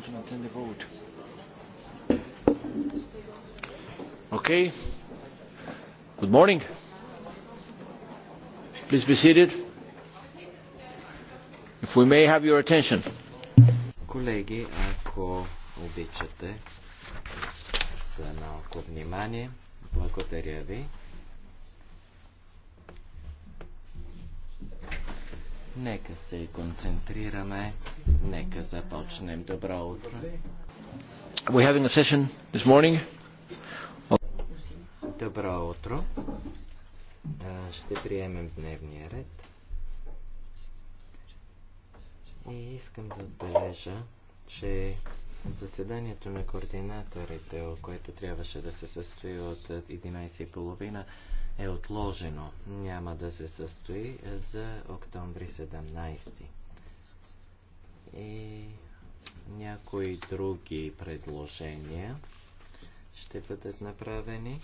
management and the vote. Okay. Good morning. Please be seated. If we may have your attention. Колеги, ако обичате за малко внимание, благодаря ви. Нека се концентрираме. Нека започнем. Добро утро. We having a session this morning? Добро утро. Ще приемем дневния ред. И искам да отбележа, че заседанието на координаторите, което трябваше да се състои от 11.30, е отложено. Няма да се състои за октомври 17. И някои други предложения ще бъдат направени.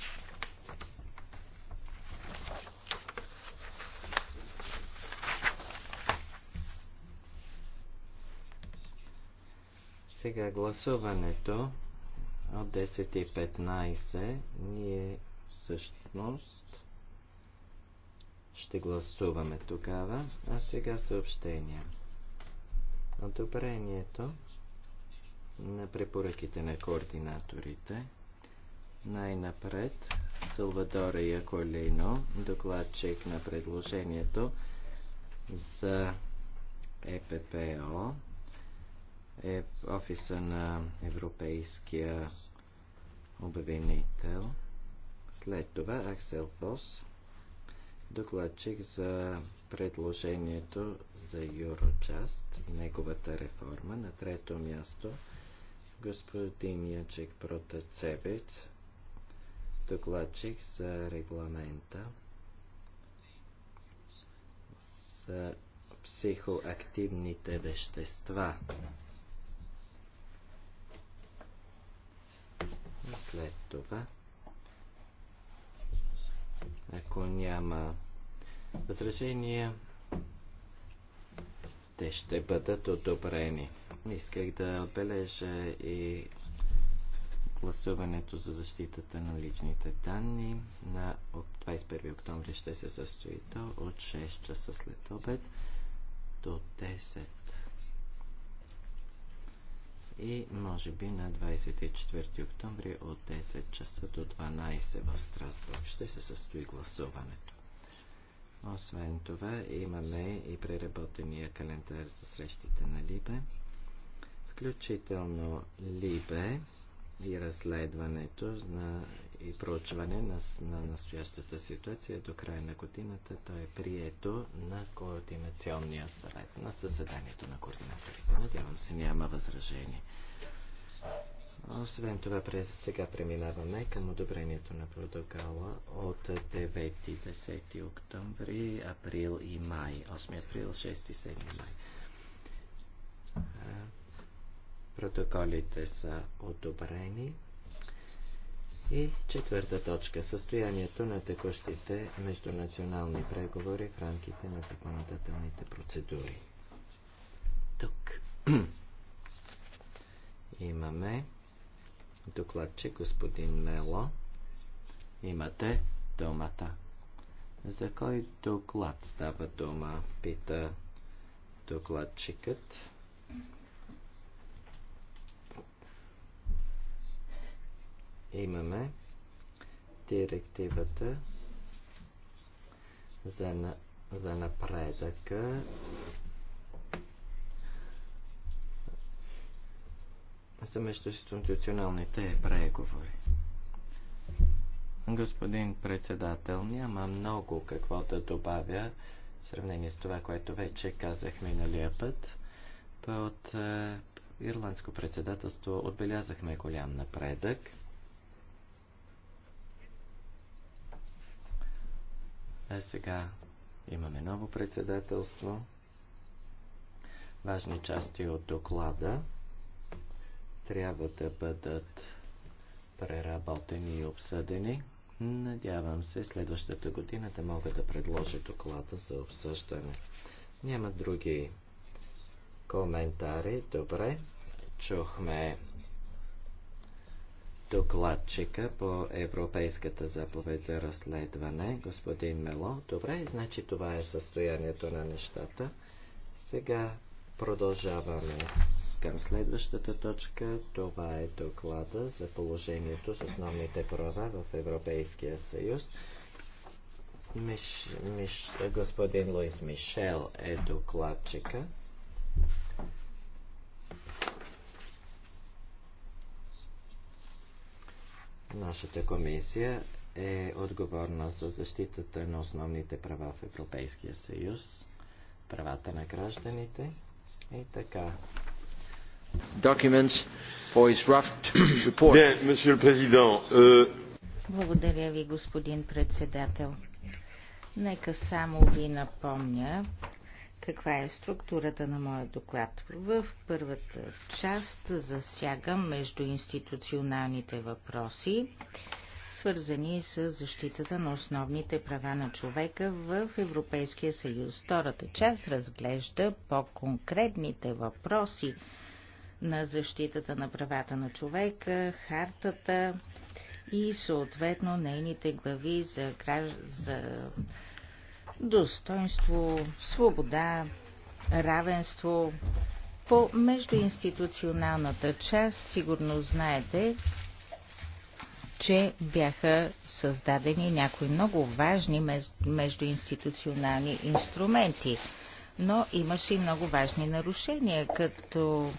Сега гласуването от 10.15 ние всъщност ще гласуваме тогава. А сега съобщения. Одобрението на препоръките на координаторите. Най-напред Салвадора Яколино, докладчик на предложението за ЕППО, е офиса на Европейския обвинител. След това Аксел Фос, докладчик за предложението за Юрочаст и неговата реформа. На трето място господин Ячек Протецебец, докладчик за регламента за психоактивните вещества. след това, ако няма разрешение, те ще бъдат одобрени. Исках да отбележа и гласуването за защитата на личните данни на 21 октомври ще се състои то от 6 часа след обед до 10 и може би на 24 октомври от 10 часа до 12 в Страсбург ще се състои гласуването. Освен това имаме и преработения календар за срещите на Либе, включително Либе и разследването на, и проучване на, на настоящата ситуация до края на годината. То е прието на координационния съвет, на съседанието на координаторите. Надявам се няма възражение. Освен това, през, сега преминаваме към одобрението на протокола от 9-10 октомври, април и май. 8 април, 6-7 и май. Протоколите са одобрени. И четвърта точка – състоянието на текущите междунационални преговори в рамките на законодателните процедури. Тук имаме докладчик, господин Мело. Имате думата. За кой доклад става дума? Пита докладчикът. Имаме директивата за, на, за напредъка за институционалните преговори. Господин председател, няма много какво да добавя в сравнение с това, което вече казах миналия път. Под е, ирландско председателство отбелязахме голям напредък. А сега имаме ново председателство. Важни части от доклада трябва да бъдат преработени и обсъдени. Надявам се следващата година да мога да предложа доклада за обсъждане. Няма други коментари. Добре. Чухме докладчика по Европейската заповед за разследване, господин Мело. Добре, значи това е състоянието на нещата. Сега продължаваме с към следващата точка. Това е доклада за положението с основните права в Европейския съюз. Миш, Миш, господин Луис Мишел е докладчика. Нашата комисия е отговорна за защитата на основните права в Европейския съюз, правата на гражданите и така. Euh, Благодаря ви, господин председател. Нека само ви напомня каква е структурата на моя доклад. В първата част засягам междуинституционалните въпроси, свързани с защитата на основните права на човека в Европейския съюз. Втората част разглежда по-конкретните въпроси, на защитата на правата на човека, хартата и съответно нейните глави за, за достоинство, свобода, равенство. По междуинституционалната част сигурно знаете, че бяха създадени някои много важни междуинституционални инструменти, но имаше и много важни нарушения, като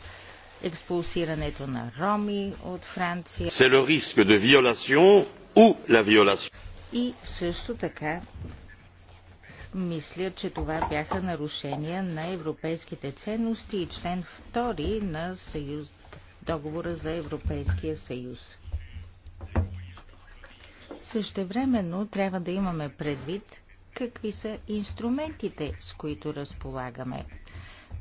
експулсирането на роми от Франция. C'est le risque de violation ou la violation. И също така мисля, че това бяха нарушения на европейските ценности и член 2 на съюз, договора за Европейския съюз. Същевременно трябва да имаме предвид какви са инструментите, с които разполагаме.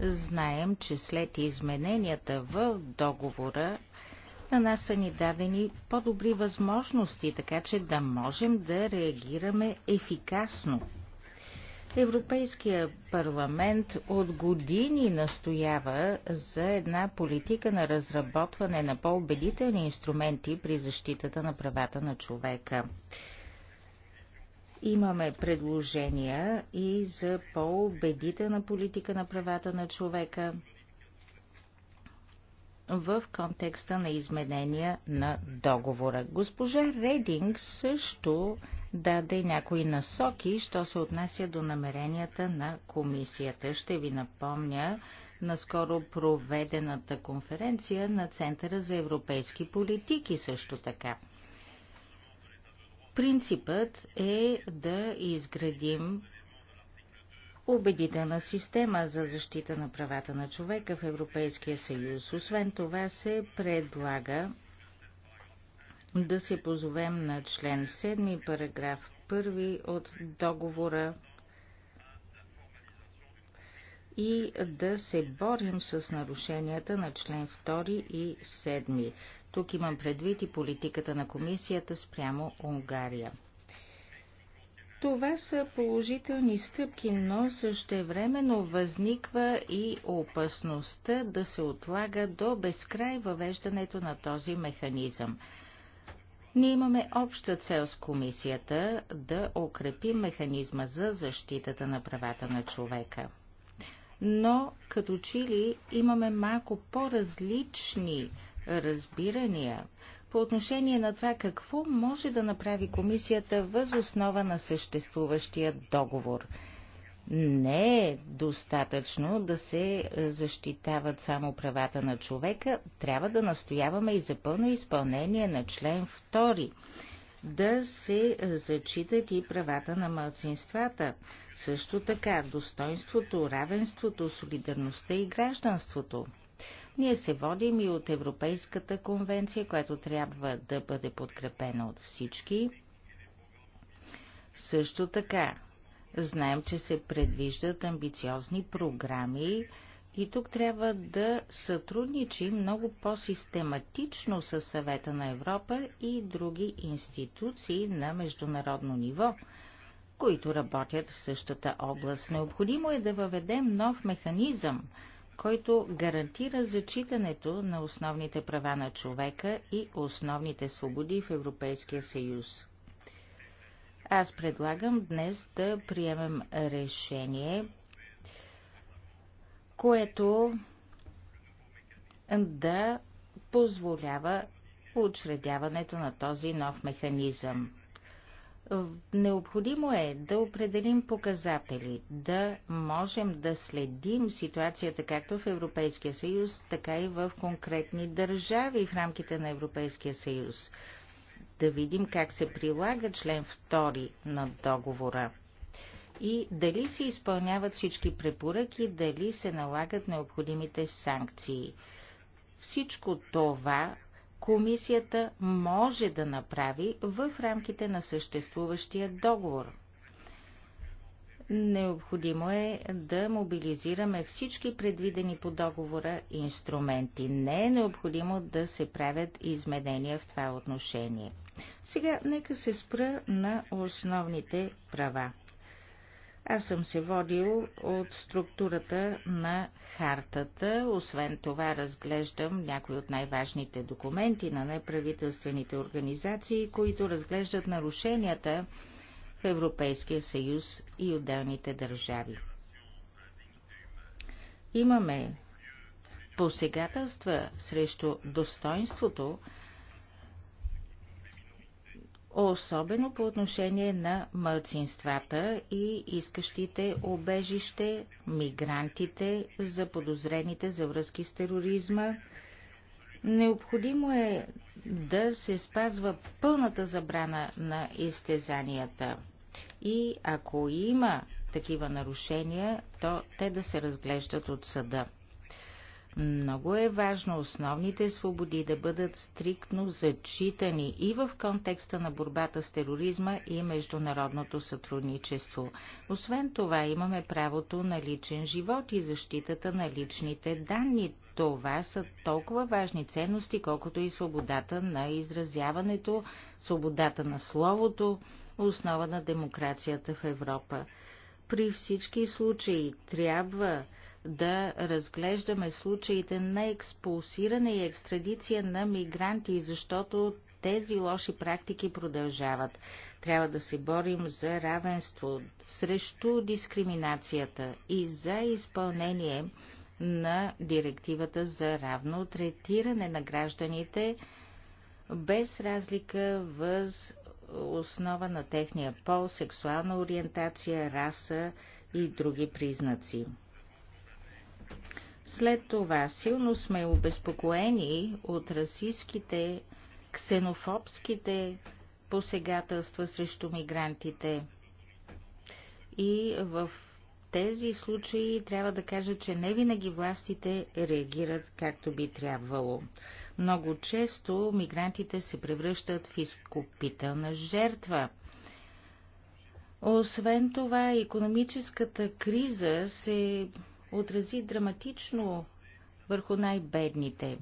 Знаем, че след измененията в договора на нас са ни дадени по-добри възможности, така че да можем да реагираме ефикасно. Европейския парламент от години настоява за една политика на разработване на по-убедителни инструменти при защитата на правата на човека. Имаме предложения и за по-убедителна политика на правата на човека в контекста на изменения на договора. Госпожа Рединг също даде някои насоки, що се отнася до намеренията на комисията. Ще ви напомня на скоро проведената конференция на Центъра за европейски политики също така. Принципът е да изградим убедителна система за защита на правата на човека в Европейския съюз. Освен това се предлага да се позовем на член 7, параграф 1 от договора и да се борим с нарушенията на член 2 и 7. Тук имам предвид и политиката на комисията спрямо Унгария. Това са положителни стъпки, но същевременно възниква и опасността да се отлага до безкрай въвеждането на този механизъм. Ние имаме обща цел с комисията да укрепим механизма за защитата на правата на човека. Но като че ли имаме малко по-различни разбирания по отношение на това какво може да направи комисията въз основа на съществуващия договор. Не е достатъчно да се защитават само правата на човека, трябва да настояваме и за пълно изпълнение на член 2 да се зачитат и правата на мълцинствата. Също така, достоинството, равенството, солидарността и гражданството. Ние се водим и от Европейската конвенция, която трябва да бъде подкрепена от всички. Също така, знаем, че се предвиждат амбициозни програми и тук трябва да сътрудничим много по-систематично с съвета на Европа и други институции на международно ниво които работят в същата област. Необходимо е да въведем нов механизъм който гарантира зачитането на основните права на човека и основните свободи в Европейския съюз. Аз предлагам днес да приемем решение, което да позволява учредяването на този нов механизъм. Необходимо е да определим показатели, да можем да следим ситуацията както в Европейския съюз, така и в конкретни държави в рамките на Европейския съюз. Да видим как се прилага член 2 на договора и дали се изпълняват всички препоръки, дали се налагат необходимите санкции. Всичко това комисията може да направи в рамките на съществуващия договор. Необходимо е да мобилизираме всички предвидени по договора инструменти. Не е необходимо да се правят изменения в това отношение. Сега нека се спра на основните права. Аз съм се водил от структурата на хартата. Освен това разглеждам някои от най-важните документи на неправителствените организации, които разглеждат нарушенията в Европейския съюз и отделните държави. Имаме посегателства срещу достоинството особено по отношение на мълцинствата и искащите обежище, мигрантите, заподозрените за връзки с тероризма. Необходимо е да се спазва пълната забрана на изтезанията. И ако има такива нарушения, то те да се разглеждат от съда. Много е важно основните свободи да бъдат стриктно зачитани и в контекста на борбата с тероризма и международното сътрудничество. Освен това имаме правото на личен живот и защитата на личните данни. Това са толкова важни ценности, колкото и свободата на изразяването, свободата на словото, основа на демокрацията в Европа. При всички случаи трябва да разглеждаме случаите на експулсиране и екстрадиция на мигранти, защото тези лоши практики продължават. Трябва да се борим за равенство, срещу дискриминацията и за изпълнение на директивата за равно третиране на гражданите без разлика в основа на техния пол, сексуална ориентация, раса и други признаци. След това силно сме обезпокоени от расистските, ксенофобските посегателства срещу мигрантите. И в тези случаи трябва да кажа, че не винаги властите реагират както би трябвало. Много често мигрантите се превръщат в изкупителна жертва. Освен това, економическата криза се отрази драматично върху най-бедните.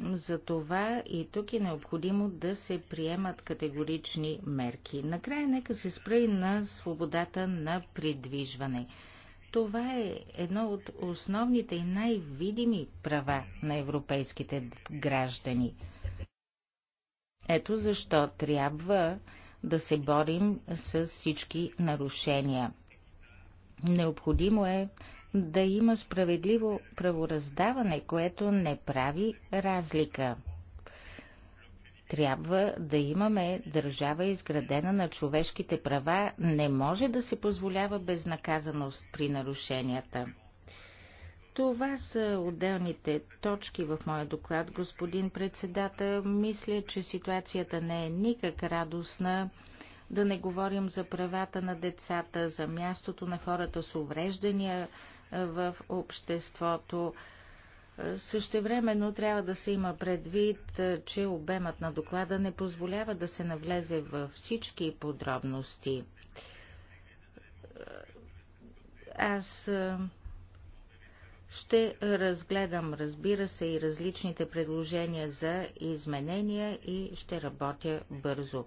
Затова и тук е необходимо да се приемат категорични мерки. Накрая нека се спре на свободата на придвижване. Това е едно от основните и най-видими права на европейските граждани. Ето защо трябва да се борим с всички нарушения. Необходимо е да има справедливо правораздаване, което не прави разлика. Трябва да имаме държава изградена на човешките права. Не може да се позволява безнаказаност при нарушенията. Това са отделните точки в моя доклад, господин председател. Мисля, че ситуацията не е никак радостна. Да не говорим за правата на децата, за мястото на хората с увреждания е, в обществото. Е, същевременно трябва да се има предвид, е, че обемът на доклада не позволява да се навлезе във всички подробности. Аз ще разгледам, разбира се, и различните предложения за изменения и ще работя бързо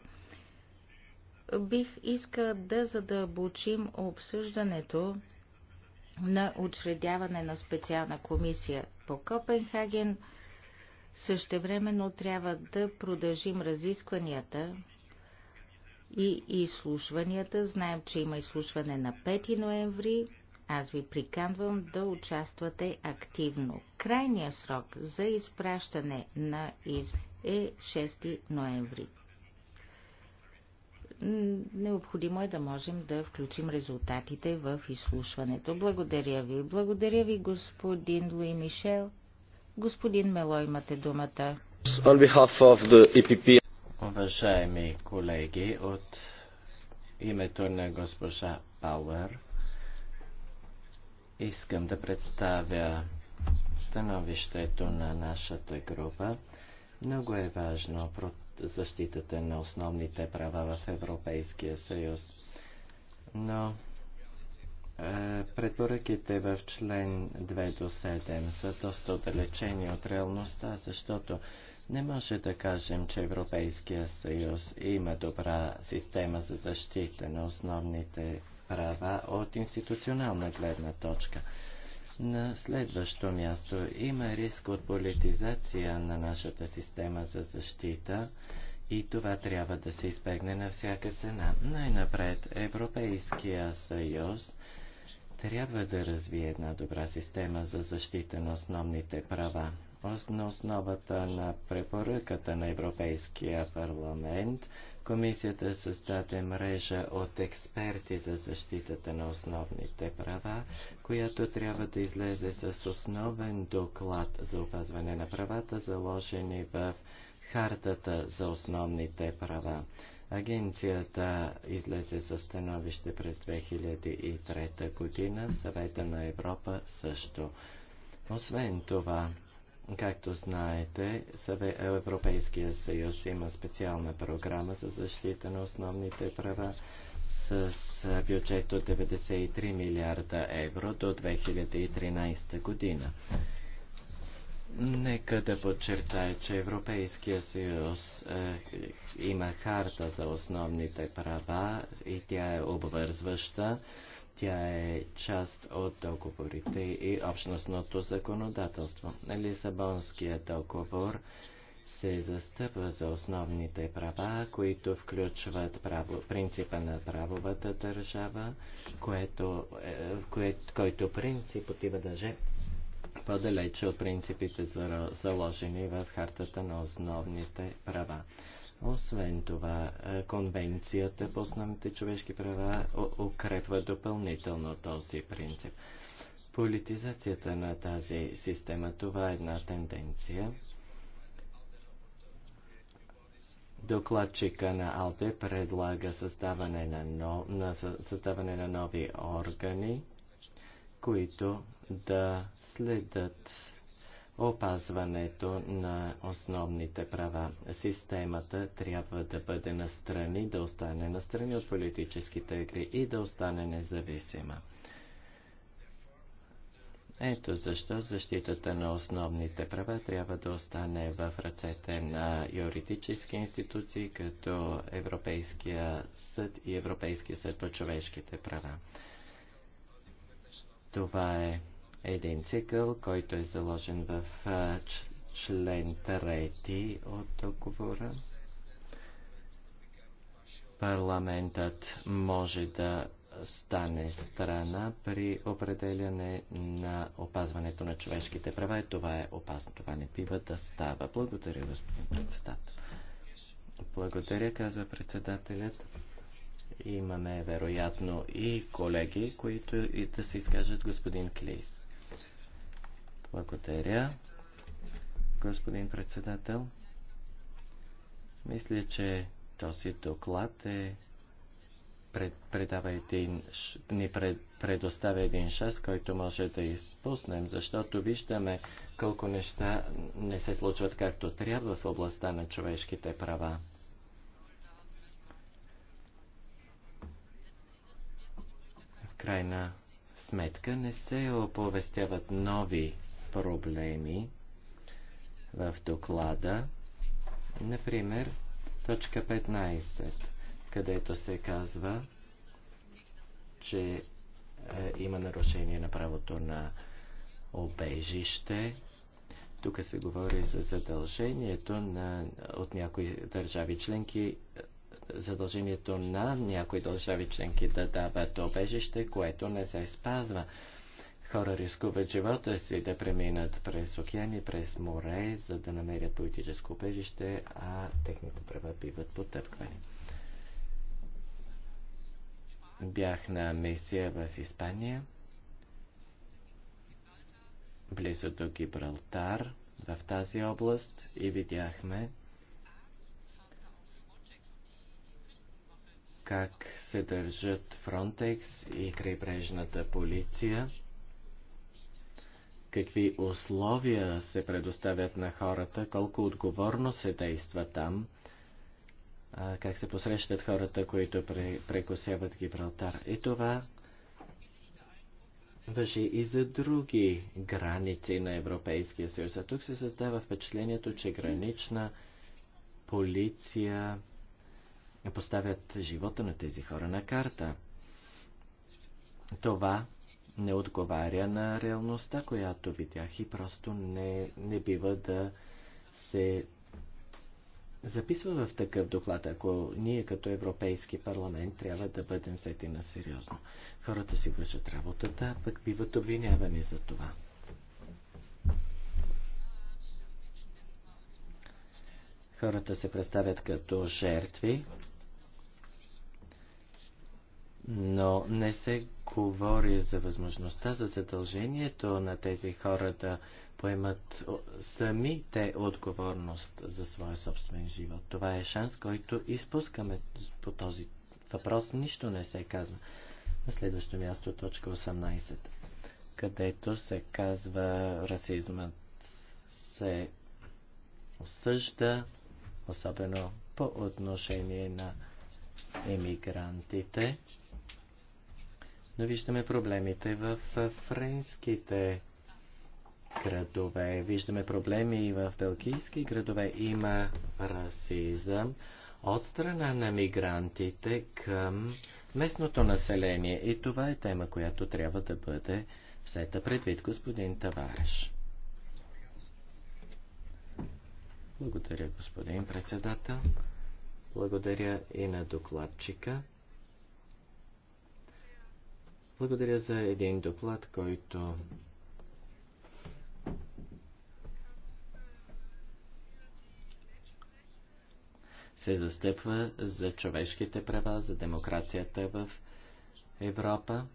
бих искал да задълбочим обсъждането на учредяване на специална комисия по Копенхаген. Същевременно трябва да продължим разискванията и изслушванията. Знаем, че има изслушване на 5 ноември. Аз ви приканвам да участвате активно. Крайният срок за изпращане на изб е 6 ноември необходимо е да можем да включим резултатите в изслушването. Благодаря ви. Благодаря ви, господин Луи Мишел. Господин Мело, имате думата. EPP... E Уважаеми колеги, от името на госпожа Пауър искам да представя становището на нашата група. Много е важно защитата на основните права в Европейския съюз. Но е, препоръките в член 2 до 7 са доста отдалечени от реалността, защото не може да кажем, че Европейския съюз има добра система за защита на основните права от институционална гледна точка. На следващо място има риск от политизация на нашата система за защита и това трябва да се избегне на всяка цена. Най-напред Европейския съюз трябва да развие една добра система за защита на основните права. На основата на препоръката на Европейския парламент Комисията създаде мрежа от експерти за защитата на основните права, която трябва да излезе с основен доклад за опазване на правата, заложени в Хартата за основните права. Агенцията излезе за становище през 2003 година, Съвета на Европа също. Освен това, Както знаете, Европейския съюз има специална програма за защита на основните права с бюджет от 93 милиарда евро до 2013 година. Нека да подчертая, че Европейския съюз е, има харта за основните права и тя е обвързваща. Тя е част от договорите и общностното законодателство. Лисабонският договор се застъпва за основните права, които включват право, принципа на правовата държава, което, е, кое, който принцип отива даже по-далече от принципите заложени в хартата на основните права. Освен това, е, конвенцията по основните човешки права укрепва допълнително този принцип. Политизацията на тази система, това е една тенденция. Докладчика на АЛДЕ предлага създаване на, но, на, създаване на нови органи, които да следят опазването на основните права. Системата трябва да бъде настрани, да остане настрани от политическите игри и да остане независима. Ето защо защитата на основните права трябва да остане в ръцете на юридически институции, като Европейския съд и Европейския съд по човешките права. Това е един цикъл, който е заложен в член 3 от договора. Парламентът може да стане страна при определяне на опазването на човешките права и е, това е опасно. Това не бива да става. Благодаря, господин председател. Благодаря, казва председателят. Имаме вероятно и колеги, които и да се изкажат господин Клейс. Благодаря, господин председател. Мисля, че този доклад е пред, предава един, ни пред, предоставя един шанс, който може да изпуснем, защото виждаме колко неща не се случват както трябва в областта на човешките права. В крайна сметка не се оповестяват нови проблеми в доклада. Например, точка 15, където се казва, че е, има нарушение на правото на обежище. Тук се говори за задължението на, от някои държави членки, е, задължението на някои държави членки да дават обежище, което не се спазва. Хора рискуват живота си да преминат през океани, през море, за да намерят политическо убежище, а техните права биват потъпквани. Бях на мисия в Испания, близо до Гибралтар, в тази област и видяхме как се държат Фронтекс и крайбрежната полиция – какви условия се предоставят на хората, колко отговорно се действа там, как се посрещат хората, които прекосяват Гибралтар. И това въжи и за други граници на Европейския съюз. А тук се създава впечатлението, че гранична полиция поставят живота на тези хора на карта. Това не отговаря на реалността, която видях и просто не, не бива да се записва в такъв доклад, ако ние като Европейски парламент трябва да бъдем сети на сериозно. Хората си вършат работата, пък биват обвинявани за това. Хората се представят като жертви, но не се говори за възможността за задължението на тези хора да поемат сами те отговорност за своя собствен живот. Това е шанс, който изпускаме по този въпрос. Нищо не се казва. На следващо място, точка 18, където се казва расизмът се осъжда, особено по отношение на емигрантите но виждаме проблемите в френските градове, виждаме проблеми и в белгийски градове. Има расизъм от страна на мигрантите към местното население и това е тема, която трябва да бъде взета предвид господин Тавареш. Благодаря, господин председател. Благодаря и на докладчика. Благодаря за един доклад, който се застъпва за човешките права, за демокрацията в Европа.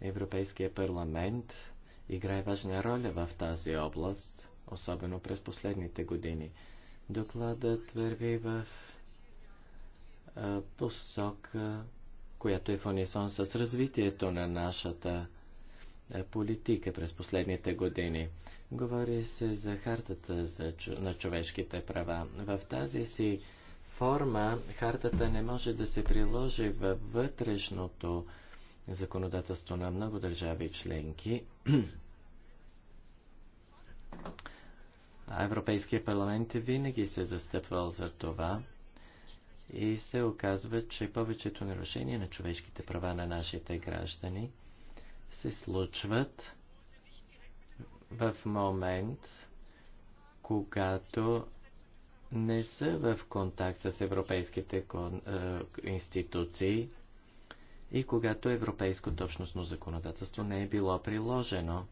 Европейския парламент играе важна роля в тази област, особено през последните години. Докладът върви в посока която е в унисон с развитието на нашата е, политика през последните години. Говори се за хартата за, на човешките права. В тази си форма хартата не може да се приложи във вътрешното законодателство на много държави членки. Европейския парламент винаги се е застъпвал за това и се оказва, че повечето нарушения на човешките права на нашите граждани се случват в момент, когато не са в контакт с европейските е, институции и когато европейското общностно законодателство не е било приложено.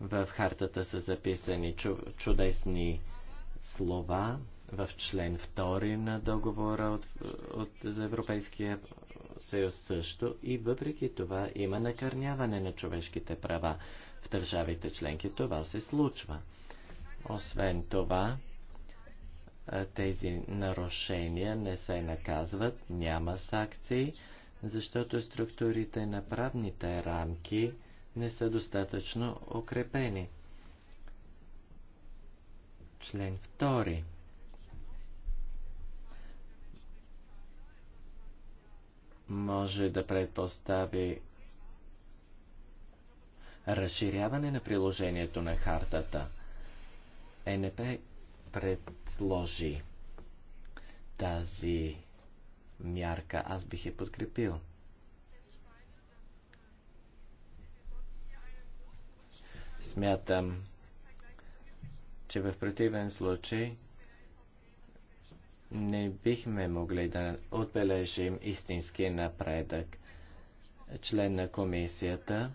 В хартата са записани чудесни слова, в член 2 на договора от, от, за Европейския съюз също и въпреки това има накърняване на човешките права в държавите членки. Това се случва. Освен това, тези нарушения не се наказват, няма санкции, защото структурите на правните рамки не са достатъчно укрепени. Член 2 може да предпостави разширяване на приложението на хартата. Е НП предложи тази мярка. Аз бих я подкрепил. Смятам, че в противен случай не бихме могли да отбележим истински напредък. Член на комисията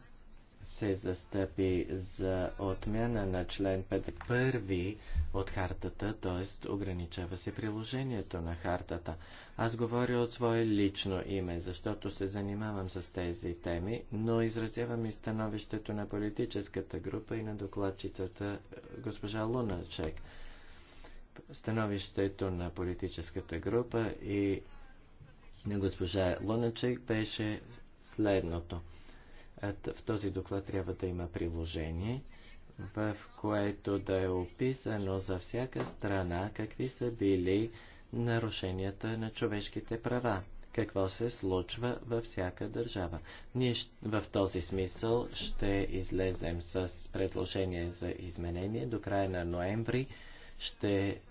се застъпи за отмяна на член 1 от хартата, т.е. ограничава се приложението на хартата. Аз говоря от свое лично име, защото се занимавам с тези теми, но изразявам и становището на политическата група и на докладчицата е, госпожа Луначек. Становището на политическата група и на госпожа Луначек беше следното. В този доклад трябва да има приложение, в което да е описано за всяка страна какви са били нарушенията на човешките права какво се случва във всяка държава. Ние в този смисъл ще излезем с предложение за изменение до края на ноември. Ще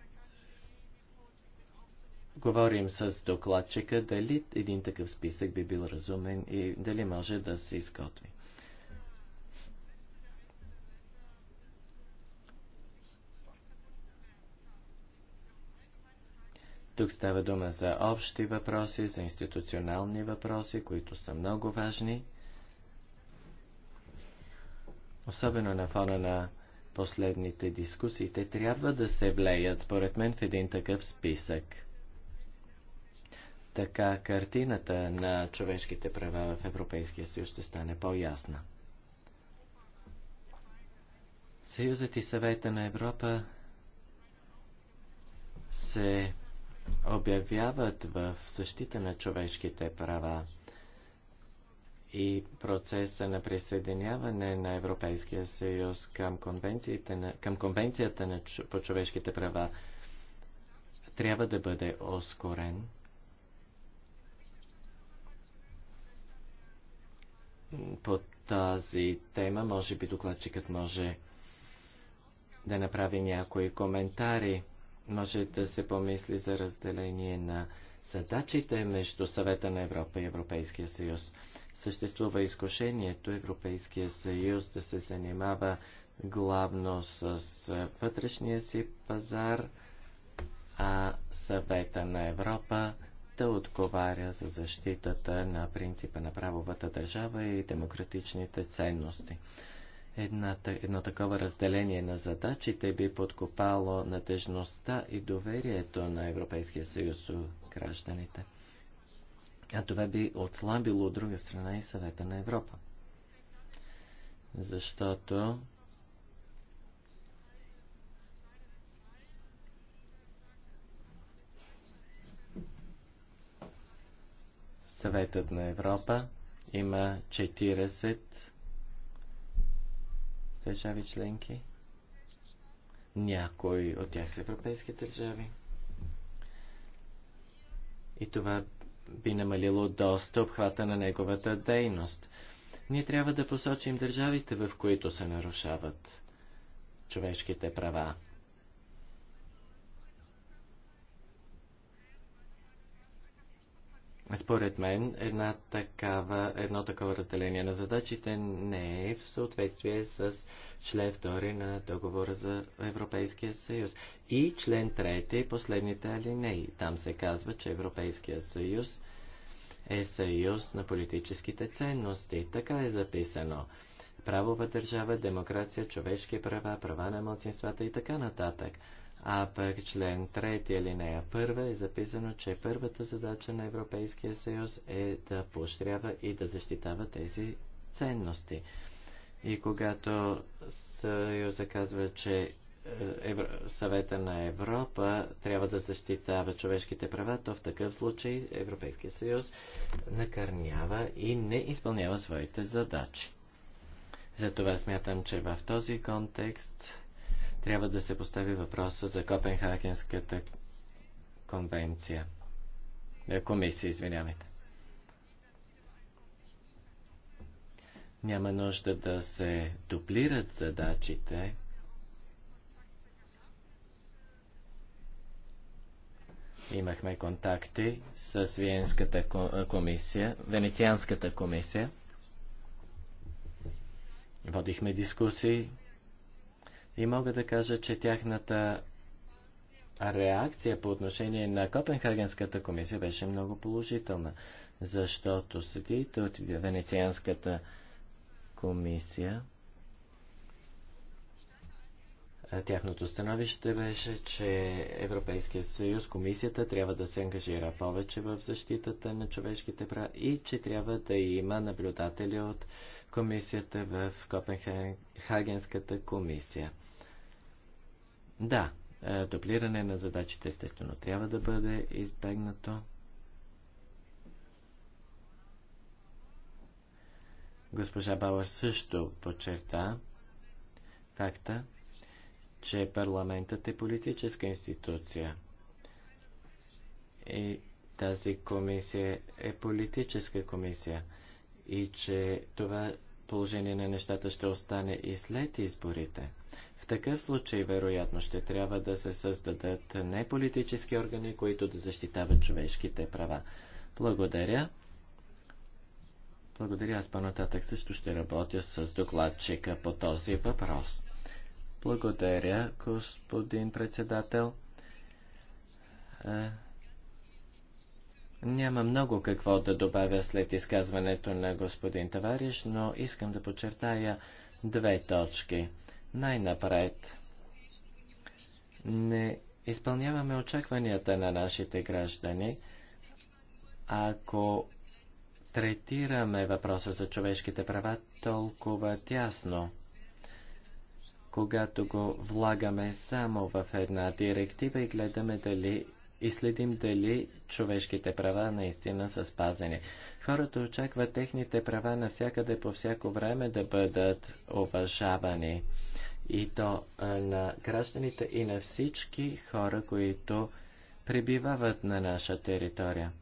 говорим с докладчика дали един такъв списък би бил разумен и дали може да се изготви. Тук става дума за общи въпроси, за институционални въпроси, които са много важни, особено на фона на последните дискусии. Те трябва да се влеят, според мен, в един такъв списък. Така картината на човешките права в Европейския съюз ще стане по-ясна. Съюзът и съвета на Европа се обявяват в защита на човешките права и процеса на присъединяване на Европейския съюз към, на, към конвенцията на, по човешките права трябва да бъде ускорен. По тази тема, може би докладчикът може да направи някои коментари. Може да се помисли за разделение на задачите между Съвета на Европа и Европейския съюз съществува изкушението Европейския съюз да се занимава главно с вътрешния си пазар, а съвета на Европа да отговаря за защитата на принципа на правовата държава и демократичните ценности. Една, едно такова разделение на задачите би подкопало надежността и доверието на Европейския съюз у гражданите. А това би отслабило от друга страна и съвета на Европа. Защото съветът на Европа има 40 държави членки. Някои от тях са европейски държави. И това би намалило доста обхвата на неговата дейност. Ние трябва да посочим държавите, в които се нарушават човешките права. Според мен, една такава, едно такова разделение на задачите не е в съответствие с член 2 на договора за Европейския съюз. И член 3, е последните алинеи. Там се казва, че Европейския съюз е съюз на политическите ценности. Така е записано. Правова държава, демокрация, човешки права, права на младсинствата и така нататък а пък член 3 алинея 1 е записано, че първата задача на Европейския съюз е да поощрява и да защитава тези ценности. И когато Съюза казва, че е, Евро... съвета на Европа трябва да защитава човешките права, то в такъв случай Европейския съюз накърнява и не изпълнява своите задачи. Затова смятам, че в този контекст трябва да се постави въпроса за Копенхагенската конвенция. Е, комисия, извинявайте. Няма нужда да се дублират задачите. Имахме контакти с Виенската комисия, Венецианската комисия. Водихме дискусии и мога да кажа, че тяхната реакция по отношение на Копенхагенската комисия беше много положителна, защото съдиите от Венецианската комисия Тяхното становище беше, че Европейския съюз, комисията трябва да се ангажира повече в защитата на човешките права и че трябва да има наблюдатели от комисията в Копенхагенската комисия. Да, е, дублиране на задачите естествено трябва да бъде избегнато. Госпожа Бауър също подчерта факта, че парламентът е политическа институция и тази комисия е политическа комисия и че това положение на нещата ще остане и след изборите. В такъв случай, вероятно, ще трябва да се създадат не политически органи, които да защитават човешките права. Благодаря. Благодаря, аз по-нататък също ще работя с докладчика по този въпрос. Благодаря, господин председател. Няма много какво да добавя след изказването на господин Товариш, но искам да подчертая две точки. Най-напред, не изпълняваме очакванията на нашите граждани, ако третираме въпроса за човешките права толкова тясно, когато го влагаме само в една директива и гледаме дали и следим дали човешките права наистина са спазени. Хората очакват техните права навсякъде по всяко време да бъдат уважавани и то на гражданите и на всички хора, които пребивават на наша територия.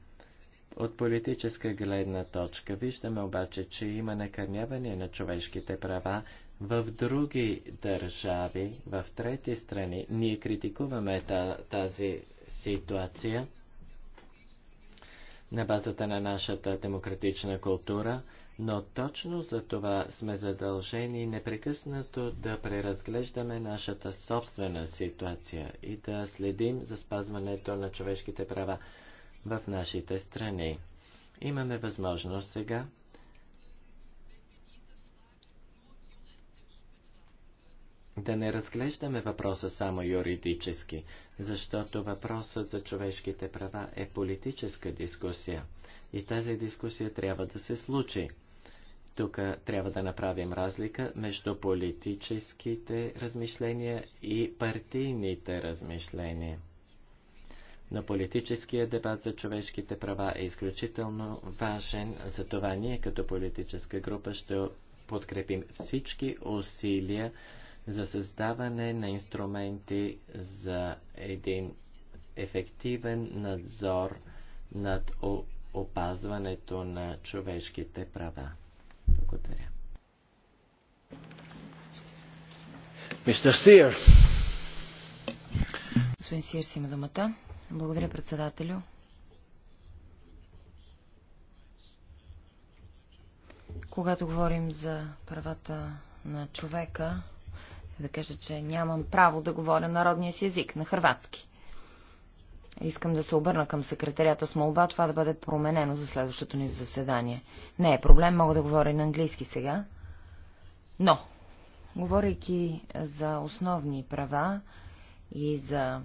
От политическа гледна точка виждаме обаче, че има накърняване на човешките права в други държави, в трети страни. Ние критикуваме тази ситуация на базата на нашата демократична култура – но точно за това сме задължени непрекъснато да преразглеждаме нашата собствена ситуация и да следим за спазването на човешките права в нашите страни. Имаме възможност сега да не разглеждаме въпроса само юридически, защото въпросът за човешките права е политическа дискусия и тази дискусия трябва да се случи. Тук трябва да направим разлика между политическите размишления и партийните размишления. Но политическия дебат за човешките права е изключително важен, затова ние като политическа група ще подкрепим всички усилия за създаване на инструменти за един ефективен надзор над опазването на човешките права. Благодаря. Мистер Стир. Господин си има думата. Благодаря, председателю. Когато говорим за правата на човека, е да кажа, че нямам право да говоря народния си език, на хрватски. Искам да се обърна към секретарията с молба това да бъде променено за следващото ни заседание. Не е проблем, мога да говоря и на английски сега. Но, говорейки за основни права и за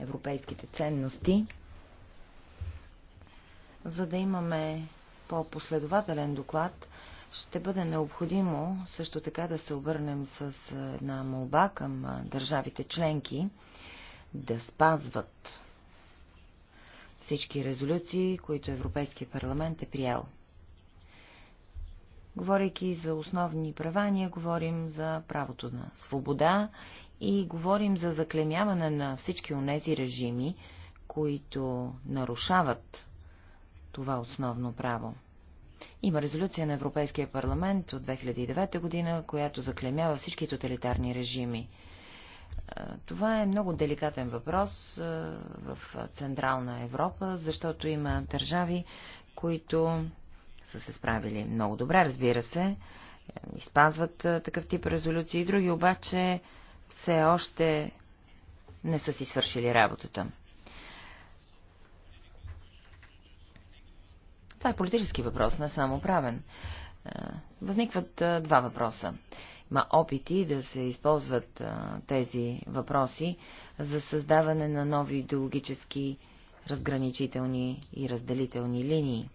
европейските ценности, за да имаме по-последователен доклад, ще бъде необходимо също така да се обърнем с една молба към държавите членки – да спазват всички резолюции, които Европейския парламент е приел. Говорейки за основни права, ние говорим за правото на свобода и говорим за заклемяване на всички онези режими, които нарушават това основно право. Има резолюция на Европейския парламент от 2009 година, която заклемява всички тоталитарни режими. Е, това е много деликатен въпрос е, в Централна Европа, защото има държави, които са се справили много добре, разбира се, е, изпазват такъв тип резолюции, други обаче все още не са си свършили работата. Това е политически въпрос, не само правен. Възникват два въпроса. Ма опити да се използват а, тези въпроси за създаване на нови идеологически разграничителни и разделителни линии.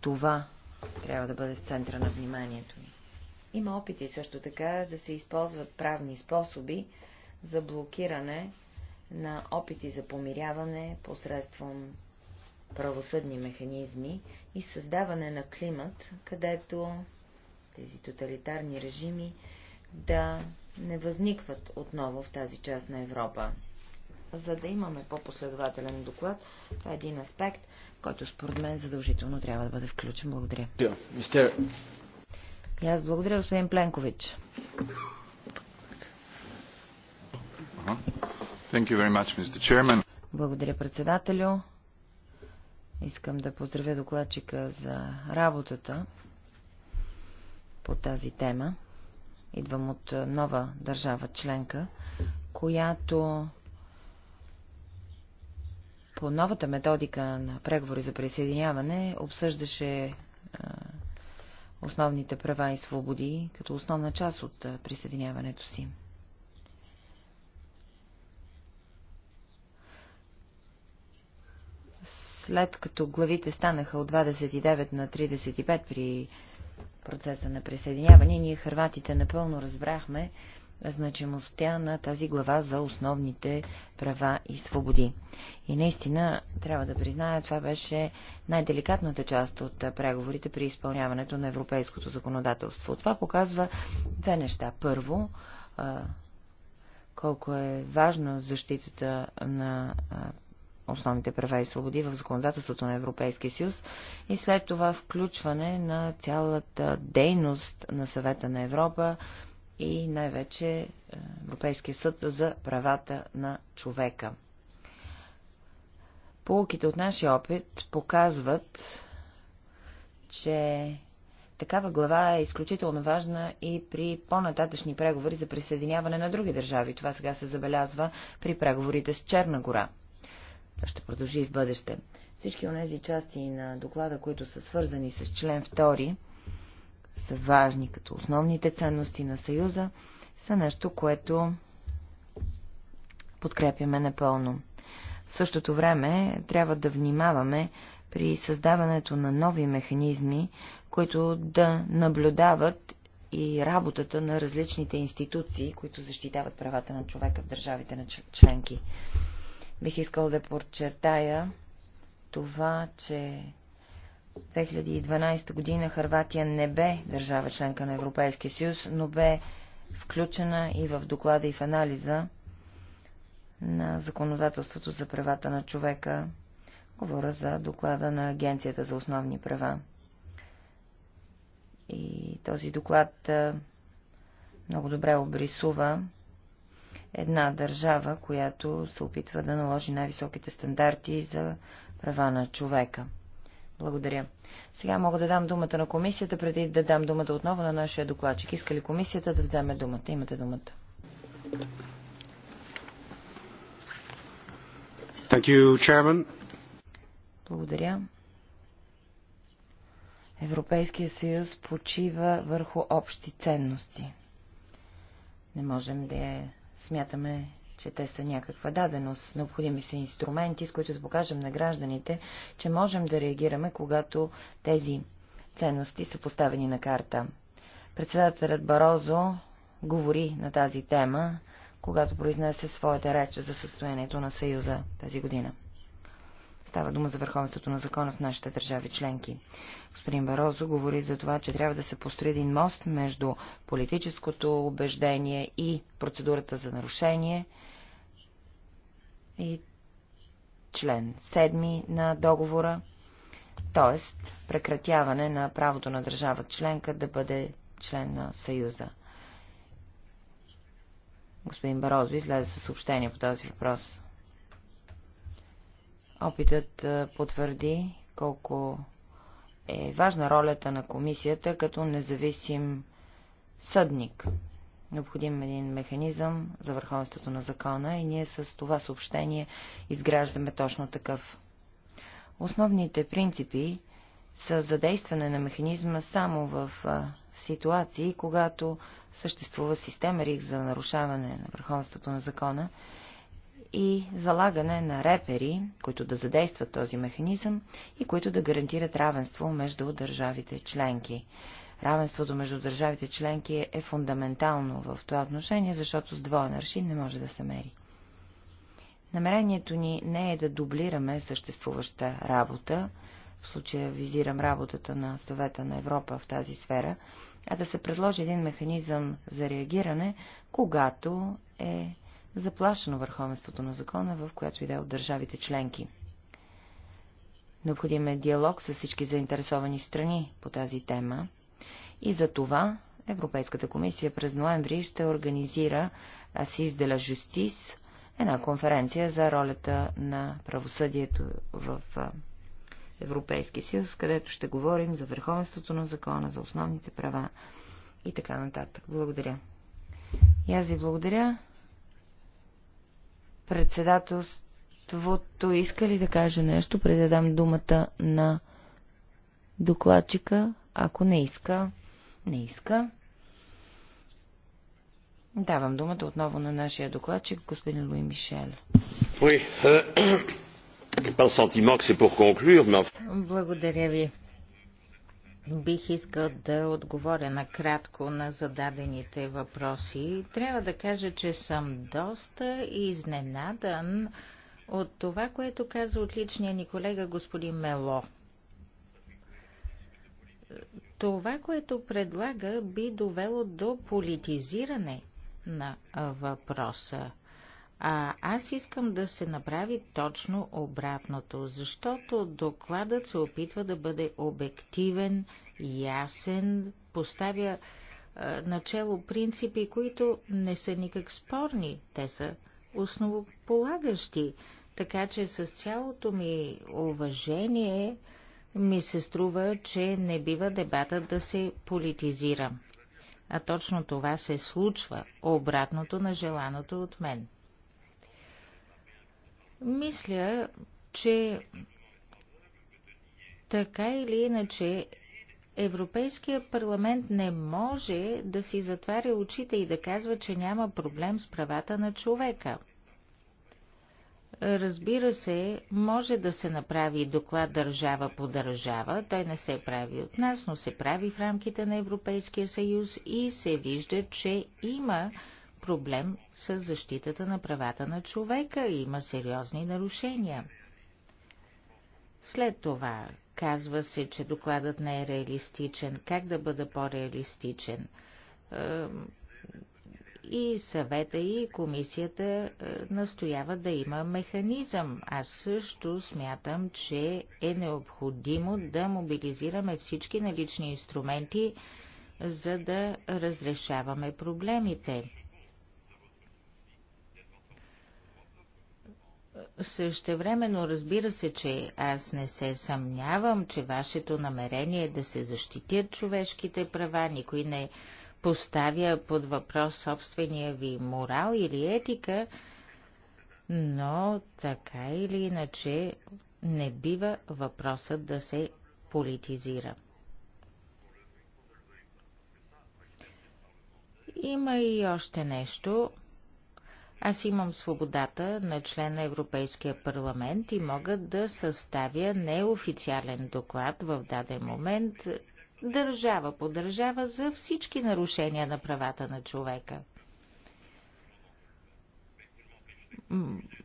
Това трябва да бъде в центъра на вниманието ни. Има опити също така да се използват правни способи за блокиране на опити за помиряване посредством правосъдни механизми и създаване на климат, където тези тоталитарни режими да не възникват отново в тази част на Европа. За да имаме по-последователен доклад, това е един аспект, който според мен задължително трябва да бъде включен. Благодаря. И аз благодаря, господин Пленкович. much, благодаря, председателю. Искам да поздравя докладчика за работата по тази тема. Идвам от нова държава членка, която по новата методика на преговори за присъединяване обсъждаше основните права и свободи като основна част от присъединяването си. След като главите станаха от 29 на 35 при процеса на присъединяване. Ние, хрватите, напълно разбрахме значимостта на тази глава за основните права и свободи. И наистина, трябва да призная, това беше най-деликатната част от преговорите при изпълняването на европейското законодателство. Това показва две неща. Първо, колко е важна защитата на основните права и свободи в законодателството на Европейския съюз и след това включване на цялата дейност на съвета на Европа и най-вече е, Европейския съд за правата на човека. Полуките от нашия опит показват, че такава глава е изключително важна и при по-нататъчни преговори за присъединяване на други държави. Това сега се забелязва при преговорите с Черна гора – ще продължи и в бъдеще. Всички от тези части на доклада, които са свързани с член 2, са важни като основните ценности на Съюза, са нещо, което подкрепяме напълно. В същото време трябва да внимаваме при създаването на нови механизми, които да наблюдават и работата на различните институции, които защитават правата на човека в държавите на членки. Бих искал да подчертая това, че 2012 година Харватия не бе държава членка на Европейския съюз, но бе включена и в доклада и в анализа на законодателството за правата на човека. Говоря за доклада на Агенцията за основни права. И този доклад много добре обрисува една държава, която се опитва да наложи най-високите стандарти за права на човека. Благодаря. Сега мога да дам думата на комисията, преди да дам думата отново на нашия докладчик. Иска ли комисията да вземе думата? Имате думата. Thank you, chairman. Благодаря. Европейския съюз почива върху общи ценности. Не можем да я Смятаме, че те са някаква даденост. Необходими са инструменти, с които да покажем на гражданите, че можем да реагираме, когато тези ценности са поставени на карта. Председателят Барозо говори на тази тема, когато произнесе своята реч за състоянието на Съюза тази година. Става дума за върховенството на закона в нашите държави членки. Господин Барозо говори за това, че трябва да се построи един мост между политическото убеждение и процедурата за нарушение и член 7 на договора, т.е. прекратяване на правото на държава членка да бъде член на Съюза. Господин Барозо излезе със съобщение по този въпрос. Опитът потвърди колко е важна ролята на комисията като независим съдник. Необходим е един механизъм за върховенството на закона и ние с това съобщение изграждаме точно такъв. Основните принципи са задействане на механизма само в ситуации, когато съществува система риск за нарушаване на върховенството на закона и залагане на репери, които да задействат този механизъм и които да гарантират равенство между държавите членки. Равенството между държавите членки е фундаментално в това отношение, защото с двоен аршин не може да се мери. Намерението ни не е да дублираме съществуваща работа, в случая визирам работата на Съвета на Европа в тази сфера, а да се предложи един механизъм за реагиране, когато е заплашено върховенството на закона, в която иде от държавите членки. Необходим е диалог с всички заинтересовани страни по тази тема и за това Европейската комисия през ноември ще организира Асис де ла Жустис, една конференция за ролята на правосъдието в Европейския съюз, където ще говорим за върховенството на закона, за основните права и така нататък. Благодаря. И аз ви благодаря. Председателството иска ли да каже нещо, преди да дам думата на докладчика? Ако не иска, не иска. Давам думата отново на нашия докладчик, господин Луи Мишел. Euh, Благодаря ви. Бих искал да отговоря накратко на зададените въпроси. Трябва да кажа, че съм доста изненадан от това, което каза отличният ни колега господин Мело. Това, което предлага, би довело до политизиране на въпроса. А аз искам да се направи точно обратното, защото докладът се опитва да бъде обективен, ясен, поставя е, начало принципи, които не са никак спорни, те са основополагащи. Така че с цялото ми уважение ми се струва, че не бива дебатът да се политизира. А точно това се случва, обратното на желаното от мен. Мисля, че така или иначе Европейския парламент не може да си затваря очите и да казва, че няма проблем с правата на човека. Разбира се, може да се направи доклад държава по държава. Той не се прави от нас, но се прави в рамките на Европейския съюз и се вижда, че има проблем с защитата на правата на човека и има сериозни нарушения. След това казва се, че докладът не е реалистичен. Как да бъда по-реалистичен? И съвета и комисията настояват да има механизъм. Аз също смятам, че е необходимо да мобилизираме всички налични инструменти, за да разрешаваме проблемите. Същевременно разбира се, че аз не се съмнявам, че вашето намерение е да се защитят човешките права. Никой не поставя под въпрос собствения ви морал или етика, но така или иначе не бива въпросът да се политизира. Има и още нещо – аз имам свободата на член на Европейския парламент и мога да съставя неофициален доклад в даден момент, държава по държава, за всички нарушения на правата на човека.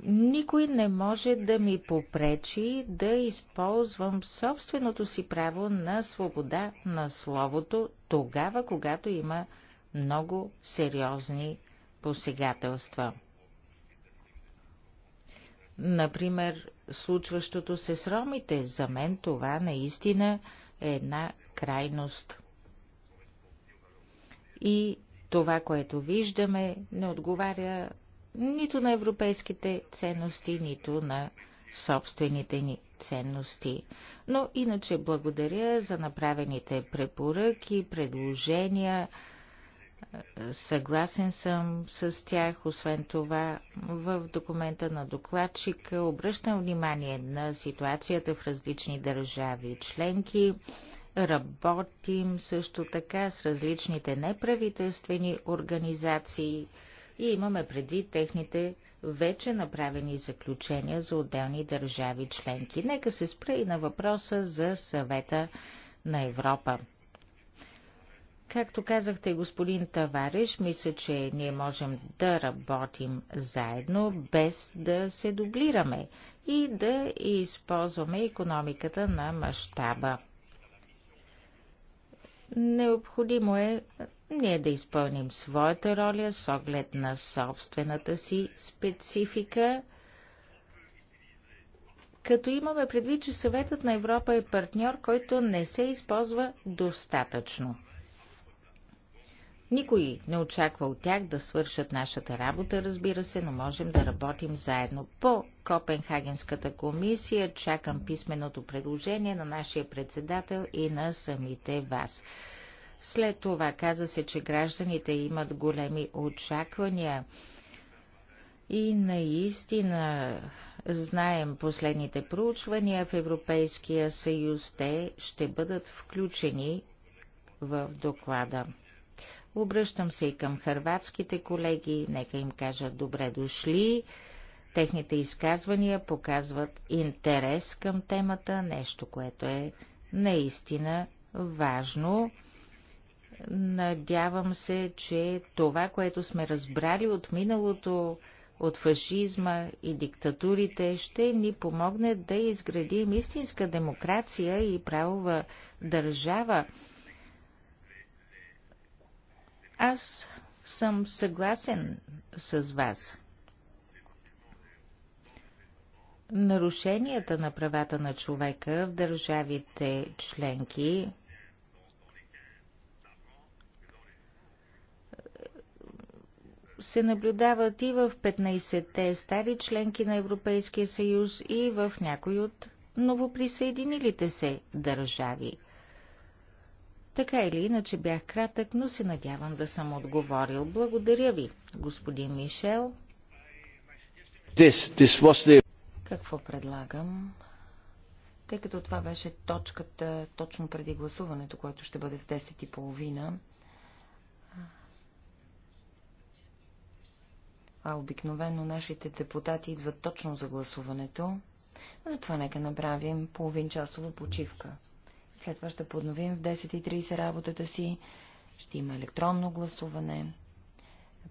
Никой не може да ми попречи да използвам собственото си право на свобода на словото тогава, когато има много сериозни посегателства. Например, случващото се с ромите, за мен това наистина е една крайност. И това, което виждаме, не отговаря нито на европейските ценности, нито на собствените ни ценности. Но иначе благодаря за направените препоръки, предложения. Съгласен съм с тях. Освен това, в документа на докладчика обръщам внимание на ситуацията в различни държави членки. Работим също така с различните неправителствени организации и имаме предвид техните вече направени заключения за отделни държави членки. Нека се спре и на въпроса за съвета на Европа. Както казахте, господин Тавариш, мисля, че ние можем да работим заедно, без да се дублираме и да използваме економиката на мащаба. Необходимо е ние да изпълним своята роля с оглед на собствената си специфика, като имаме предвид, че съветът на Европа е партньор, който не се използва достатъчно. Никой не очаква от тях да свършат нашата работа, разбира се, но можем да работим заедно. По Копенхагенската комисия чакам писменото предложение на нашия председател и на самите вас. След това каза се, че гражданите имат големи очаквания. И наистина знаем последните проучвания в Европейския съюз, те ще бъдат включени в доклада. Обръщам се и към хърватските колеги, нека им кажат добре дошли. Техните изказвания показват интерес към темата, нещо, което е наистина важно. Надявам се, че това, което сме разбрали от миналото, от фашизма и диктатурите, ще ни помогне да изградим истинска демокрация и правова държава. Аз съм съгласен с вас. Нарушенията на правата на човека в държавите членки се наблюдават и в 15-те стари членки на Европейския съюз и в някои от новоприсъединилите се държави – така или иначе бях кратък, но се надявам да съм отговорил. Благодаря ви, господин Мишел. This, this was the... Какво предлагам? Тъй като това беше точката точно преди гласуването, което ще бъде в 10.30, а обикновено нашите депутати идват точно за гласуването, затова нека направим половин часова почивка. След това ще подновим в 10.30 работата си. Ще има електронно гласуване.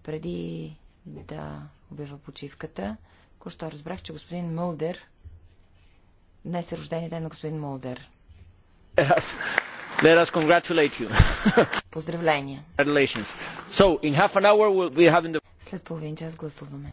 Преди да обява почивката, кощо разбрах, че господин Мълдер... Днес е рождение ден на господин Мълдер. Yes. Let us congratulate you. Поздравления. Congratulations. So, in half an hour we'll be having the... След половин час гласуваме.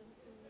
Thank you.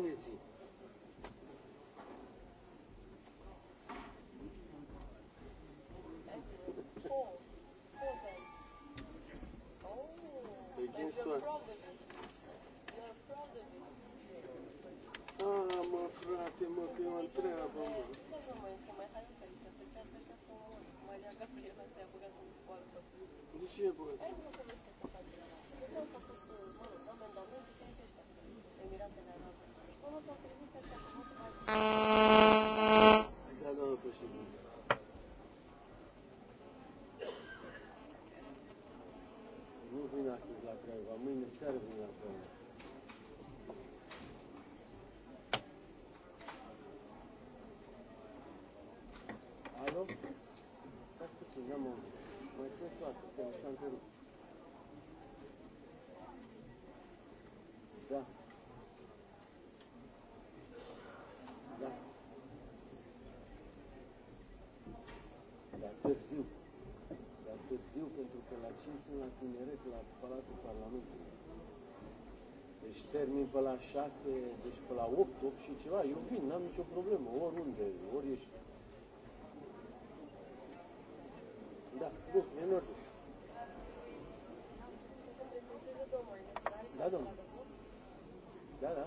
opportunity vinați la Craiova, mâine seară vin la Craiova. Alo? Stați puțin, n-am auzit. Mai spune toată, că s-a întrerupt. Da. 5 la tineret la Palatul Parlamentului. Deci termin pe la 6, deci pe la 8, 8 și ceva. Eu vin, n-am nicio problemă, oriunde, ori ești. Da, bun, e în ordine. Da, domnule. Da, da.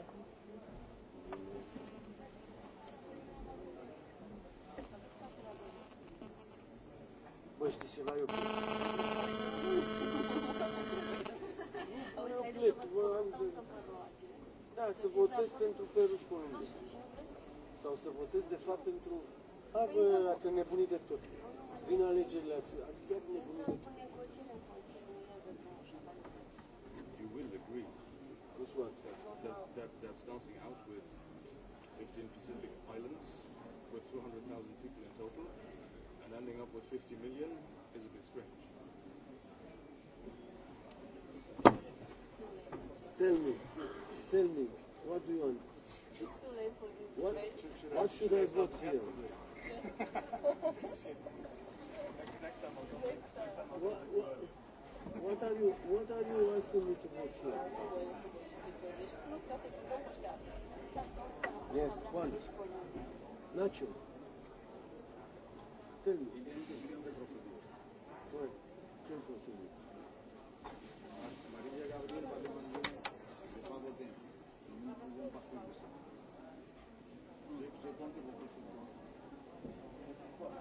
Bă, știi ceva, eu cred. să votez pentru Peruș Columbia. Sau să votez, de fapt, pentru... A, bă, ați înnebunit de tot. Vin alegerile, ați, ați chiar înnebunit de tot. You will agree. this one That's, that, that, that's starting out with 15 Pacific Islands with 200,000 people in total and ending up with 50 million is a bit strange. Tell me. Tell me. What do you want? It's too late for this what, should, should, What I, should should I vote here? next, time I'll go. What, what, what are you What are you asking me to vote here? Yes, one. Nacho. Tell me. ¿Cuál? Tell me. Maria Gabriel J'ai compté beaucoup de choses. Pourquoi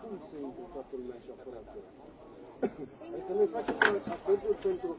Cum se întâmplă toată lumea așa fără Adică noi facem acordul pentru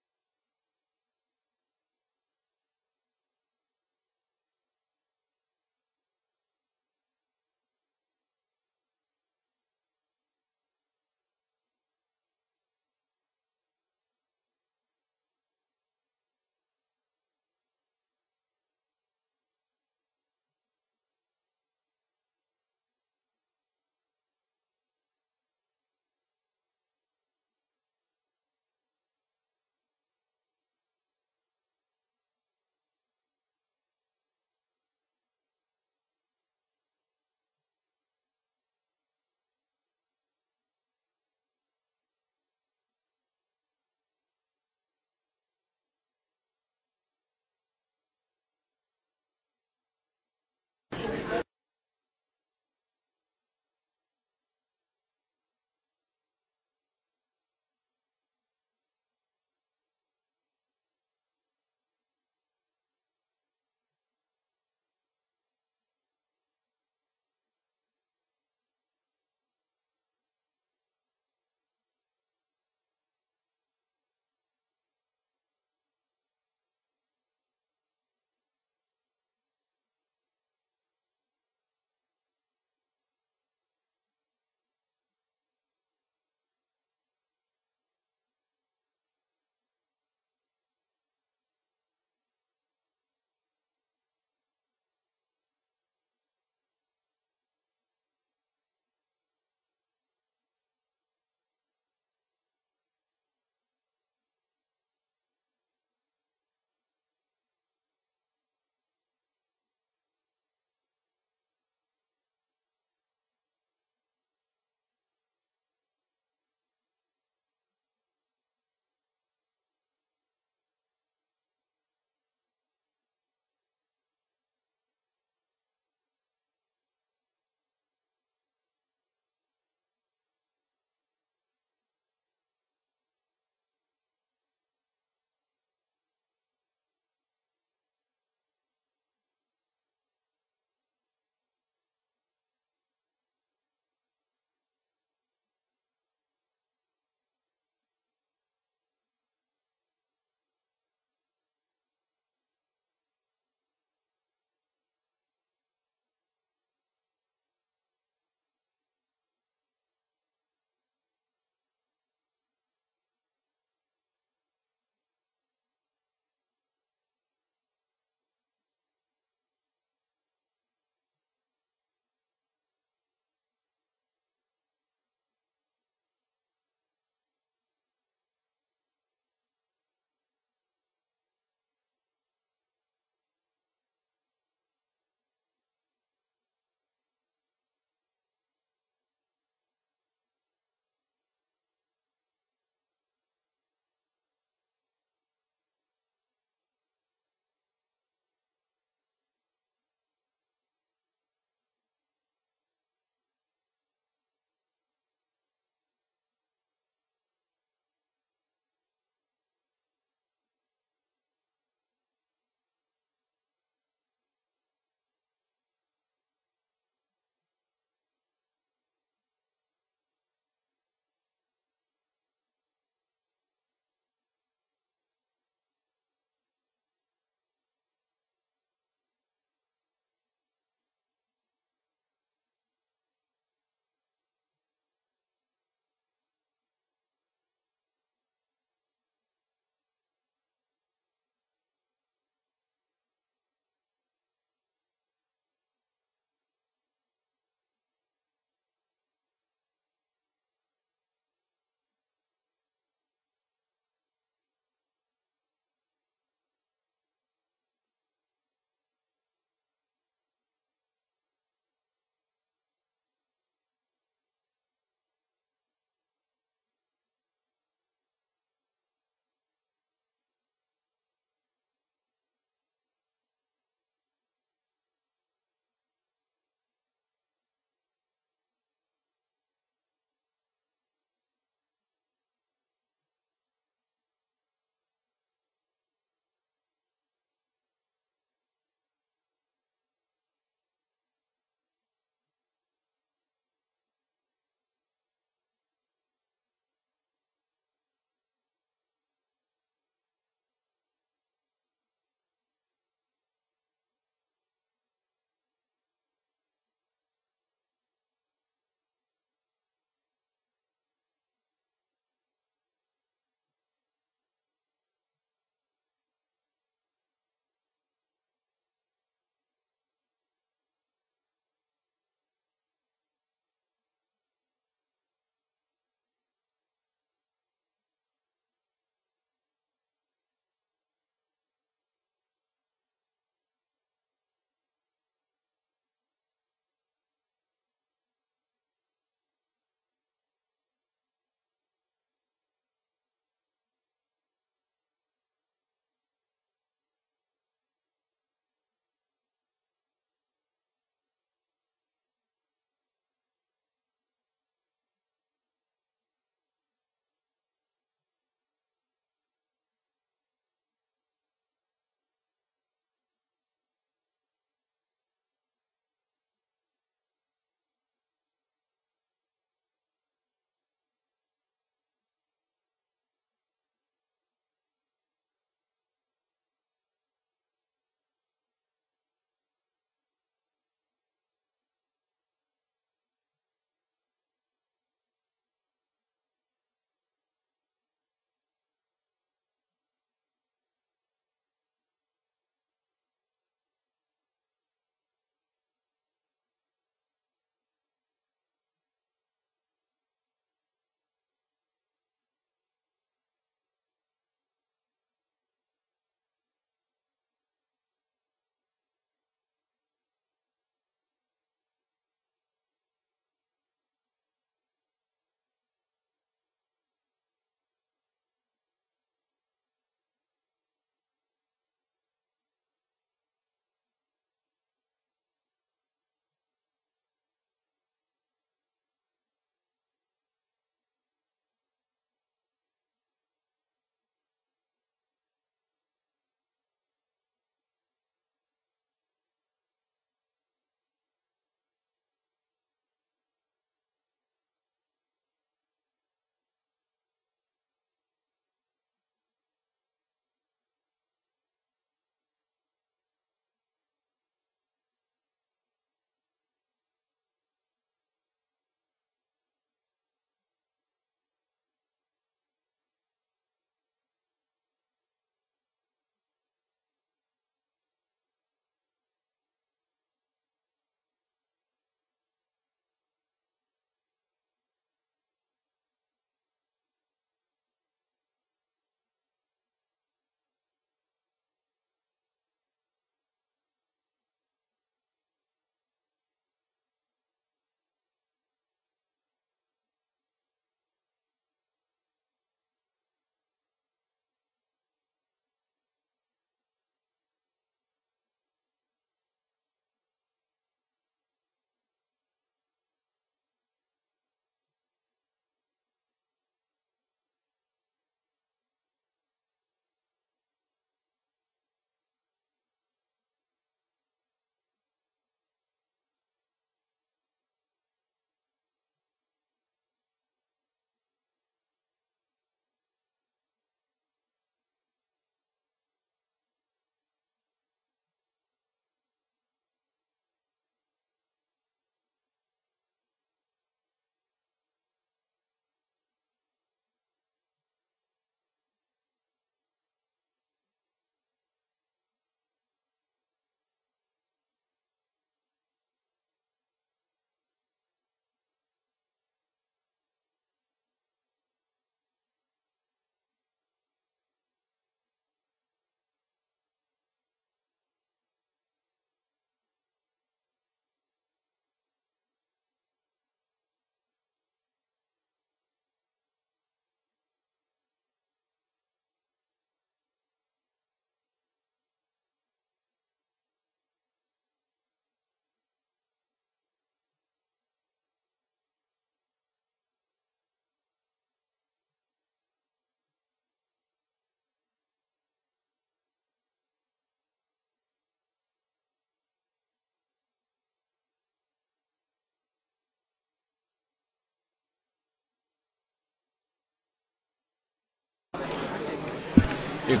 Уважаеми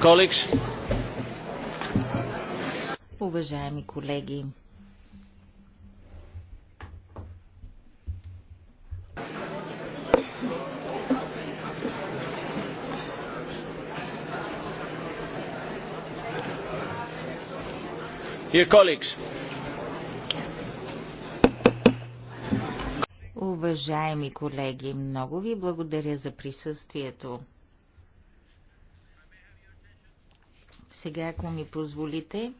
колеги, Уважаеми колеги, много ви благодаря за присъствието. Сега, ако ми позволите,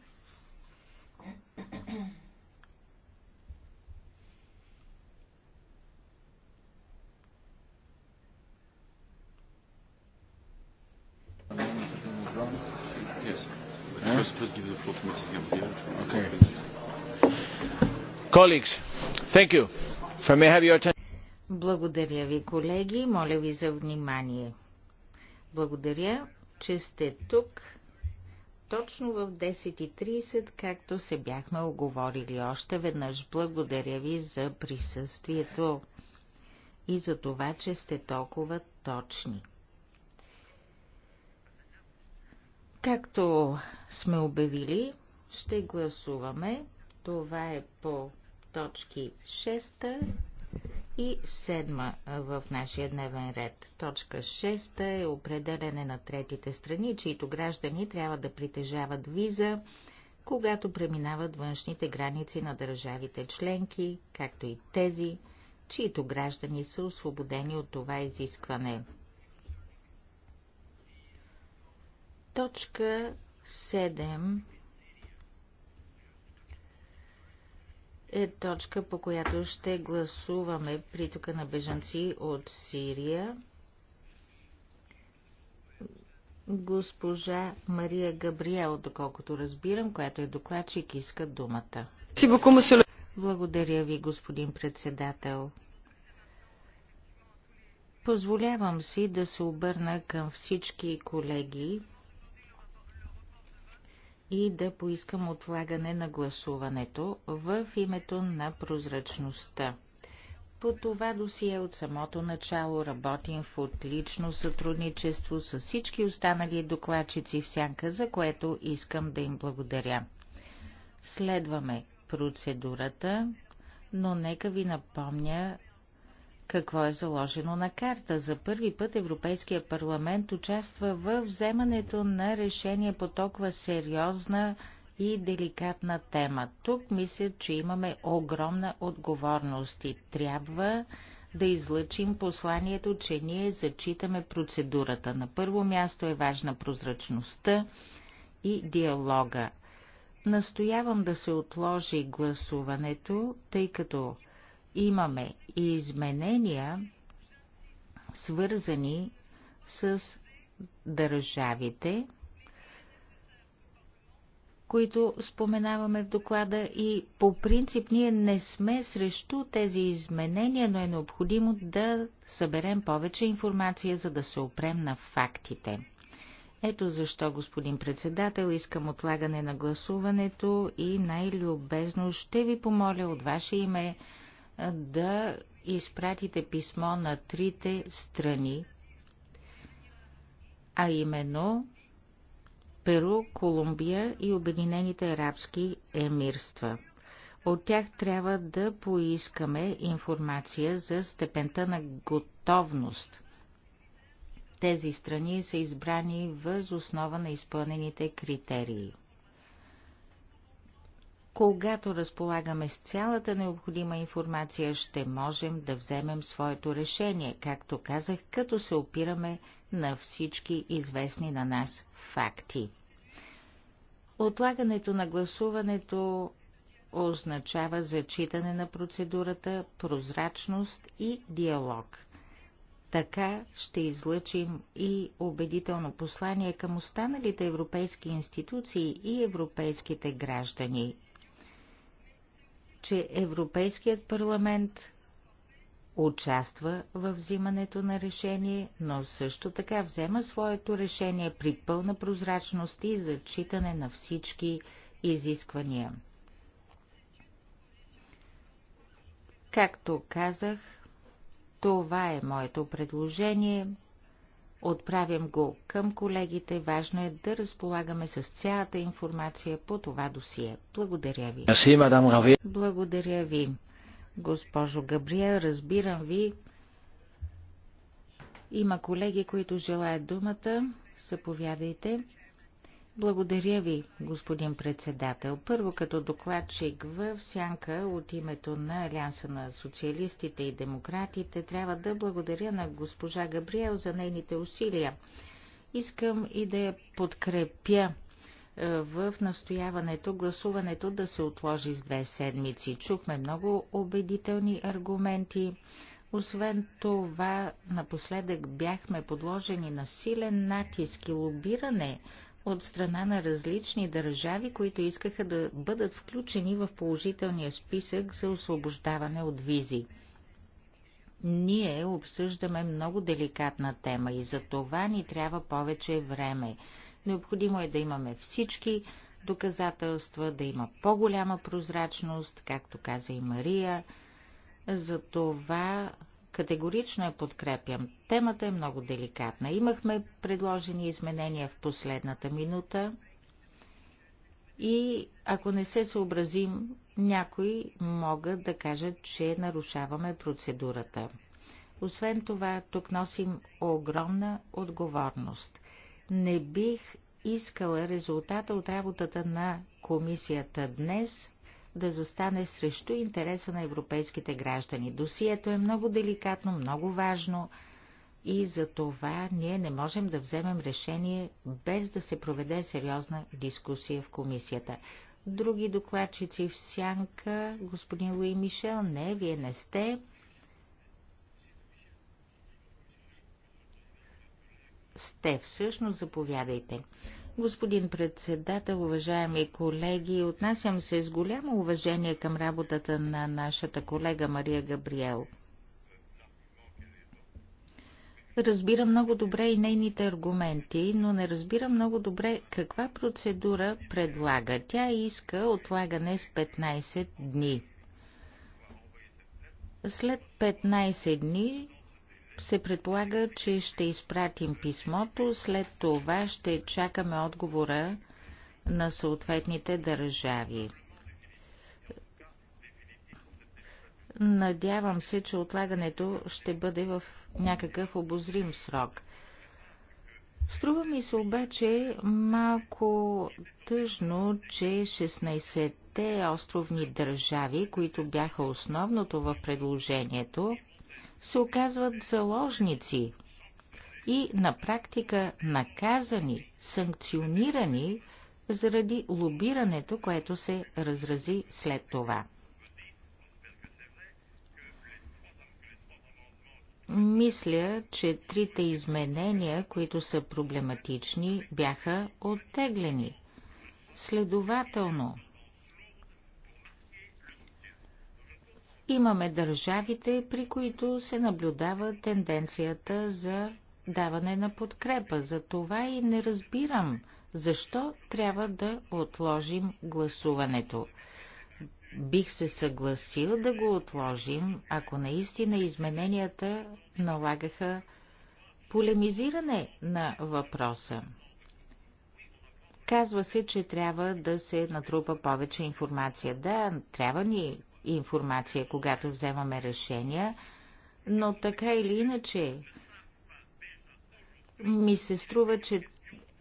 Благодаря ви, колеги. Моля ви за внимание. Благодаря, че сте тук точно в 10.30, както се бяхме оговорили още веднъж. Благодаря ви за присъствието и за това, че сте толкова точни. Както сме обявили, ще гласуваме. Това е по точки 6 и седма в нашия дневен ред. Точка 6 е определене на третите страни, чието граждани трябва да притежават виза, когато преминават външните граници на държавите членки, както и тези, чието граждани са освободени от това изискване. Точка 7 е точка, по която ще гласуваме притока на бежанци от Сирия. Госпожа Мария Габриел, доколкото разбирам, която е докладчик, иска думата. Благодаря ви, господин председател. Позволявам си да се обърна към всички колеги, и да поискам отлагане на гласуването в името на прозрачността. По това досие от самото начало работим в отлично сътрудничество с всички останали докладчици в сянка, за което искам да им благодаря. Следваме процедурата, но нека ви напомня, какво е заложено на карта. За първи път Европейския парламент участва в вземането на решение по толкова сериозна и деликатна тема. Тук мисля, че имаме огромна отговорност и трябва да излъчим посланието, че ние зачитаме процедурата. На първо място е важна прозрачността и диалога. Настоявам да се отложи гласуването, тъй като имаме изменения, свързани с държавите, които споменаваме в доклада и по принцип ние не сме срещу тези изменения, но е необходимо да съберем повече информация, за да се опрем на фактите. Ето защо, господин председател, искам отлагане на гласуването и най-любезно ще ви помоля от ваше име да изпратите писмо на трите страни, а именно Перу, Колумбия и Обединените арабски емирства. От тях трябва да поискаме информация за степента на готовност. Тези страни са избрани въз основа на изпълнените критерии. Когато разполагаме с цялата необходима информация, ще можем да вземем своето решение, както казах, като се опираме на всички известни на нас факти. Отлагането на гласуването означава зачитане на процедурата, прозрачност и диалог. Така ще излъчим и убедително послание към останалите европейски институции и европейските граждани че Европейският парламент участва в взимането на решение, но също така взема своето решение при пълна прозрачност и зачитане на всички изисквания. Както казах, това е моето предложение. Отправям го към колегите. Важно е да разполагаме с цялата информация по това досие. Благодаря ви. Благодаря ви, госпожо Габриел. Разбирам ви. Има колеги, които желаят думата. съповядайте. Благодаря ви, господин председател. Първо като докладчик в сянка от името на Алианса на социалистите и демократите трябва да благодаря на госпожа Габриел за нейните усилия. Искам и да я подкрепя е, в настояването гласуването да се отложи с две седмици. Чухме много убедителни аргументи. Освен това, напоследък бяхме подложени на силен натиск и лобиране от страна на различни държави, които искаха да бъдат включени в положителния списък за освобождаване от визи. Ние обсъждаме много деликатна тема и за това ни трябва повече време. Необходимо е да имаме всички доказателства, да има по-голяма прозрачност, както каза и Мария. За това Категорично я подкрепям. Темата е много деликатна. Имахме предложени изменения в последната минута и ако не се съобразим, някои могат да кажат, че нарушаваме процедурата. Освен това, тук носим огромна отговорност. Не бих искала резултата от работата на комисията днес да застане срещу интереса на европейските граждани. Досието е много деликатно, много важно и за това ние не можем да вземем решение без да се проведе сериозна дискусия в комисията. Други докладчици в сянка, господин Луи Мишел, не, вие не сте. Сте всъщност, заповядайте. Господин председател, уважаеми колеги, отнасям се с голямо уважение към работата на нашата колега Мария Габриел. Разбира много добре и нейните аргументи, но не разбира много добре каква процедура предлага. Тя иска отлагане с 15 дни. След 15 дни се предполага, че ще изпратим писмото, след това ще чакаме отговора на съответните държави. Надявам се, че отлагането ще бъде в някакъв обозрим срок. Струва ми се обаче малко тъжно, че 16-те островни държави, които бяха основното в предложението, се оказват заложници и на практика наказани, санкционирани заради лобирането, което се разрази след това. Мисля, че трите изменения, които са проблематични, бяха оттеглени. Следователно, имаме държавите, при които се наблюдава тенденцията за даване на подкрепа. За това и не разбирам защо трябва да отложим гласуването. Бих се съгласил да го отложим, ако наистина измененията налагаха полемизиране на въпроса. Казва се, че трябва да се натрупа повече информация. Да, трябва ни информация, когато вземаме решения, но така или иначе ми се струва, че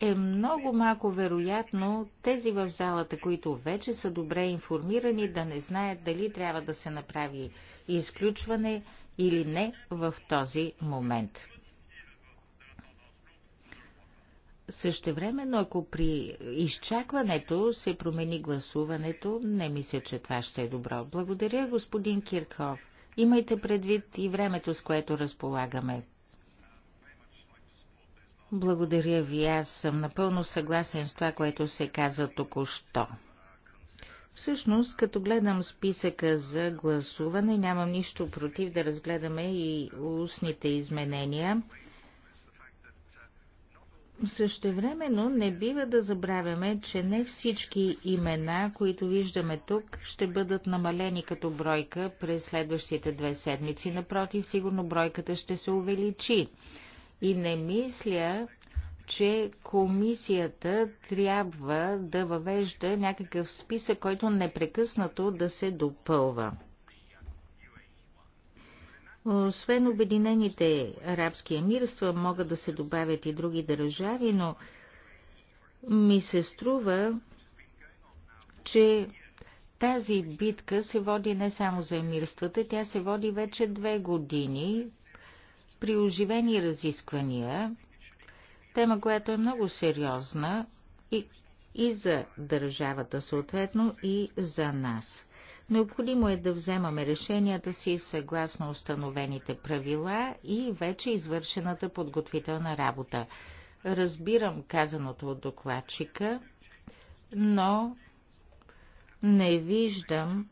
е много малко вероятно тези в залата, които вече са добре информирани, да не знаят дали трябва да се направи изключване или не в този момент. Същевременно, ако при изчакването се промени гласуването, не мисля, че това ще е добро. Благодаря, господин Кирков. Имайте предвид и времето, с което разполагаме. Благодаря ви, аз съм напълно съгласен с това, което се каза току-що. Всъщност, като гледам списъка за гласуване, нямам нищо против да разгледаме и устните изменения. Същевременно не бива да забравяме, че не всички имена, които виждаме тук, ще бъдат намалени като бройка през следващите две седмици. Напротив, сигурно бройката ще се увеличи. И не мисля, че комисията трябва да въвежда някакъв списък, който непрекъснато да се допълва. Освен Обединените арабски емирства могат да се добавят и други държави, но ми се струва, че тази битка се води не само за емирствата, тя се води вече две години при оживени разисквания, тема, която е много сериозна и, и за държавата съответно, и за нас. Необходимо е да вземаме решенията си съгласно установените правила и вече извършената подготвителна работа. Разбирам казаното от докладчика, но не виждам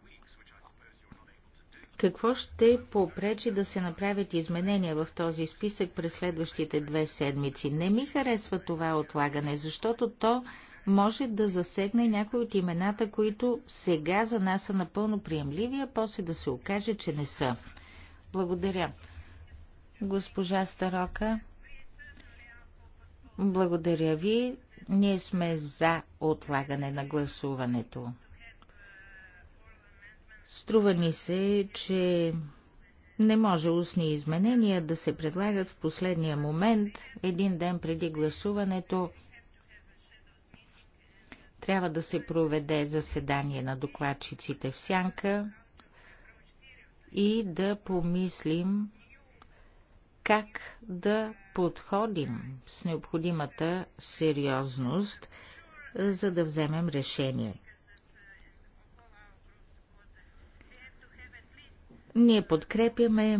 какво ще попречи да се направят изменения в този списък през следващите две седмици? Не ми харесва това отлагане, защото то може да засегне някои от имената, които сега за нас са напълно приемливи, а после да се окаже, че не са. Благодаря. Госпожа Старока, благодаря ви. Ние сме за отлагане на гласуването. Струва ни се, че не може устни изменения да се предлагат в последния момент, един ден преди гласуването трябва да се проведе заседание на докладчиците в сянка и да помислим как да подходим с необходимата сериозност, за да вземем решение. Ние подкрепяме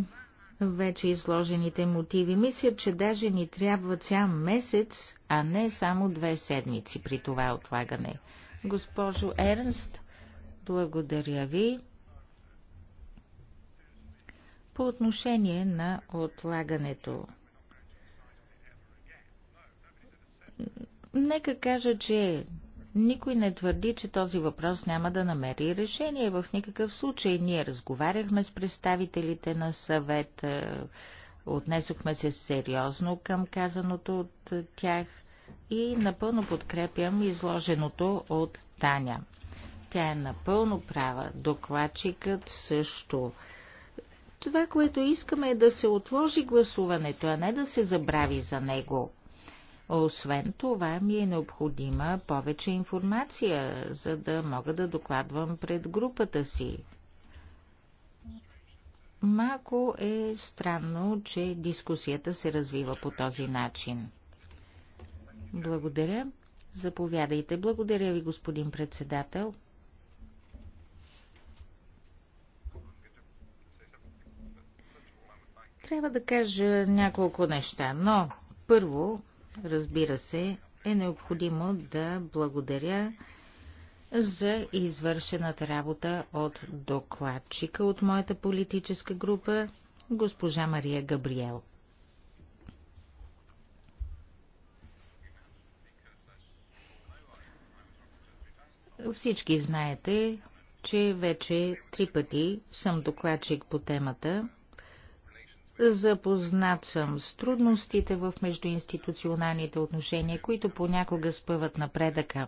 вече изложените мотиви. Мисля, че даже ни трябва цял месец, а не само две седмици при това отлагане. Госпожо Ернст, благодаря ви. По отношение на отлагането. Нека кажа, че никой не твърди, че този въпрос няма да намери решение. В никакъв случай ние разговаряхме с представителите на съвет, отнесохме се сериозно към казаното от тях и напълно подкрепям изложеното от Таня. Тя е напълно права. Докладчикът също. Това, което искаме е да се отложи гласуването, а не да се забрави за него. Освен това ми е необходима повече информация, за да мога да докладвам пред групата си. Малко е странно, че дискусията се развива по този начин. Благодаря. Заповядайте. Благодаря ви, господин председател. Трябва да кажа няколко неща, но първо Разбира се, е необходимо да благодаря за извършената работа от докладчика от моята политическа група, госпожа Мария Габриел. Всички знаете, че вече три пъти съм докладчик по темата – Запознат съм с трудностите в междуинституционалните отношения, които понякога спъват напредъка.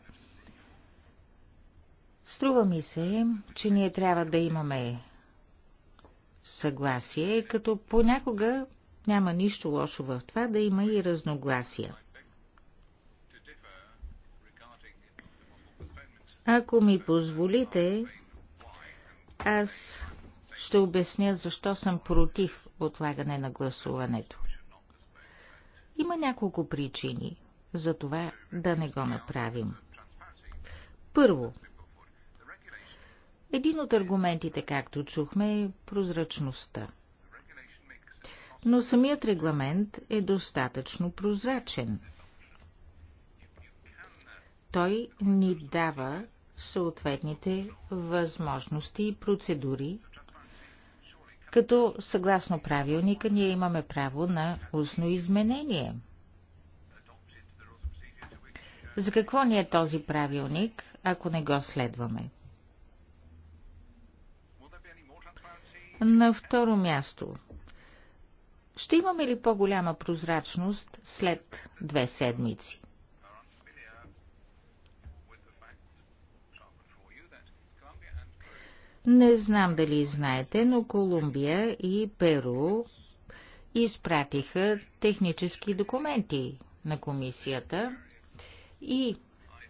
Струва ми се, че ние трябва да имаме съгласие, като понякога няма нищо лошо в това да има и разногласия. Ако ми позволите, аз ще обясня защо съм против отлагане на гласуването. Има няколко причини за това да не го направим. Първо, един от аргументите, както чухме, е прозрачността. Но самият регламент е достатъчно прозрачен. Той ни дава съответните възможности и процедури като съгласно правилника ние имаме право на устно изменение. За какво ни е този правилник, ако не го следваме? На второ място. Ще имаме ли по-голяма прозрачност след две седмици? Не знам дали знаете, но Колумбия и Перу изпратиха технически документи на комисията и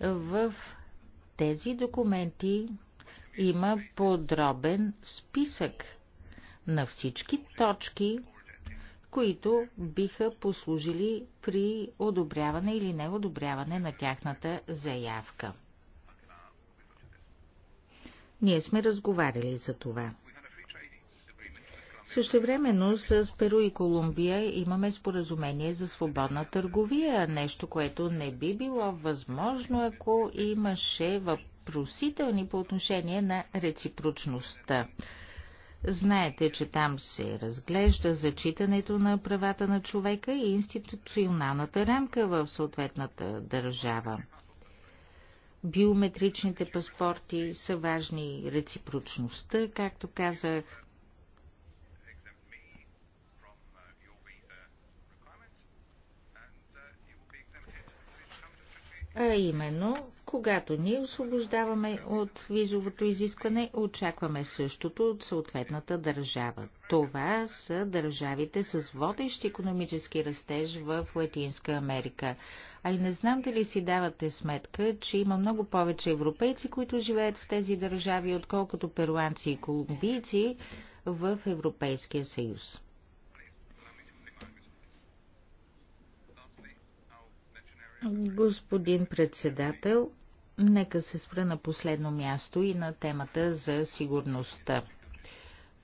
в тези документи има подробен списък на всички точки, които биха послужили при одобряване или неодобряване на тяхната заявка. Ние сме разговаряли за това. Също времено с Перу и Колумбия имаме споразумение за свободна търговия, нещо, което не би било възможно, ако имаше въпросителни по отношение на реципрочността. Знаете, че там се разглежда зачитането на правата на човека и институционалната рамка в съответната държава биометричните паспорти са важни, реципрочността, както казах. А именно когато ние освобождаваме от визовото изискване, очакваме същото от съответната държава. Това са държавите с водещ економически растеж в Латинска Америка. А и не знам дали си давате сметка, че има много повече европейци, които живеят в тези държави, отколкото перуанци и колумбийци в Европейския съюз. Господин председател, нека се спра на последно място и на темата за сигурността.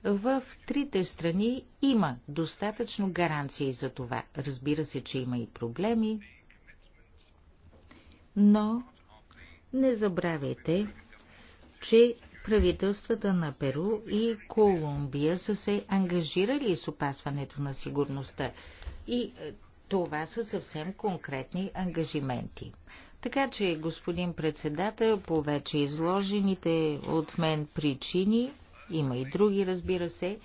В трите страни има достатъчно гаранции за това. Разбира се, че има и проблеми, но не забравяйте, че правителствата на Перу и Колумбия са се ангажирали с опасването на сигурността. И е, това са съвсем конкретни ангажименти. Така че, господин председател, по вече изложените от мен причини, има и други, разбира се,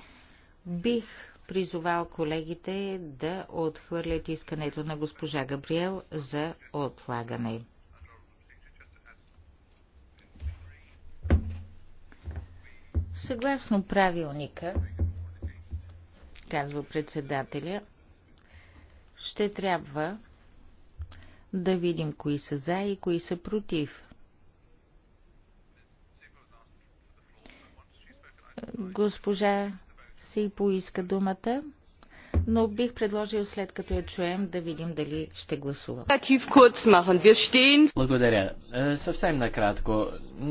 бих призовал колегите да отхвърлят искането на госпожа Габриел за отлагане. Съгласно правилника, казва председателя, ще трябва да видим кои са за и кои са против. Госпожа си поиска думата, но бих предложил след като я чуем да видим дали ще гласувам. Благодаря. Е, съвсем накратко.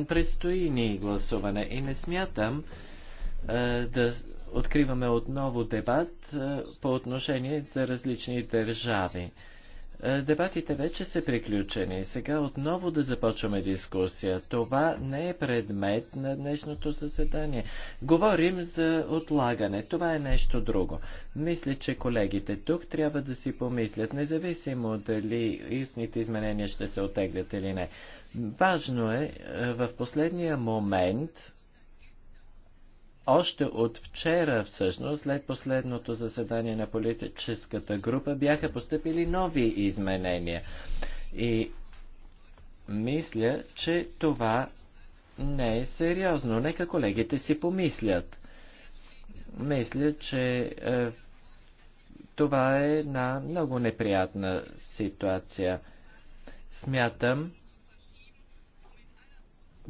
Предстои ни гласуване и не смятам е, да откриваме отново дебат е, по отношение за различни държави. Е, дебатите вече са приключени. Сега отново да започваме дискусия. Това не е предмет на днешното заседание. Говорим за отлагане. Това е нещо друго. Мисля, че колегите тук трябва да си помислят, независимо дали истните изменения ще се отеглят или не. Важно е, е в последния момент още от вчера, всъщност, след последното заседание на политическата група, бяха поступили нови изменения. И мисля, че това не е сериозно. Нека колегите си помислят. Мисля, че е, това е една много неприятна ситуация. Смятам,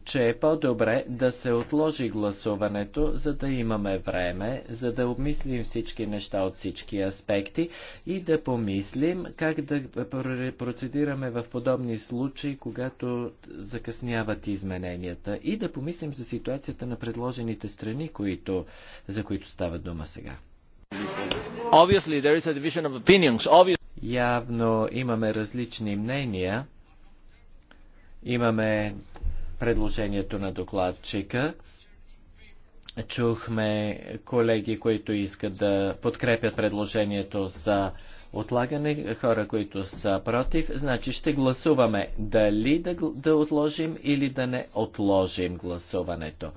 че е по-добре да се отложи гласуването, за да имаме време, за да обмислим всички неща от всички аспекти и да помислим как да процедираме в подобни случаи, когато закъсняват измененията и да помислим за ситуацията на предложените страни, които, за които става дума сега. Obviously, there is a division of opinions. Obviously... Явно имаме различни мнения. Имаме предложението на докладчика. Чухме колеги, които искат да подкрепят предложението за отлагане, хора, които са против. Значи ще гласуваме дали да, да отложим или да не отложим гласуването.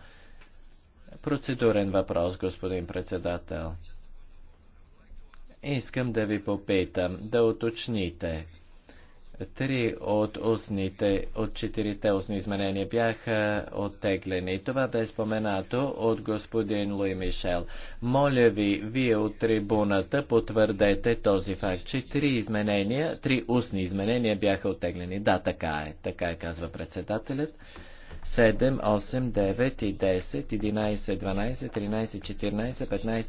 Процедурен въпрос, господин председател. Искам да ви попитам, да уточните. Три от, устните, от четирите устни изменения бяха оттеглени. Това бе споменато от господин Луи Мишел. Моля ви, вие от трибуната потвърдете този факт, че три изменения, три устни изменения бяха оттеглени. Да, така е, така е, казва председателят. 7, 8, 9 и 10, 11, 12, 13, 14, 15,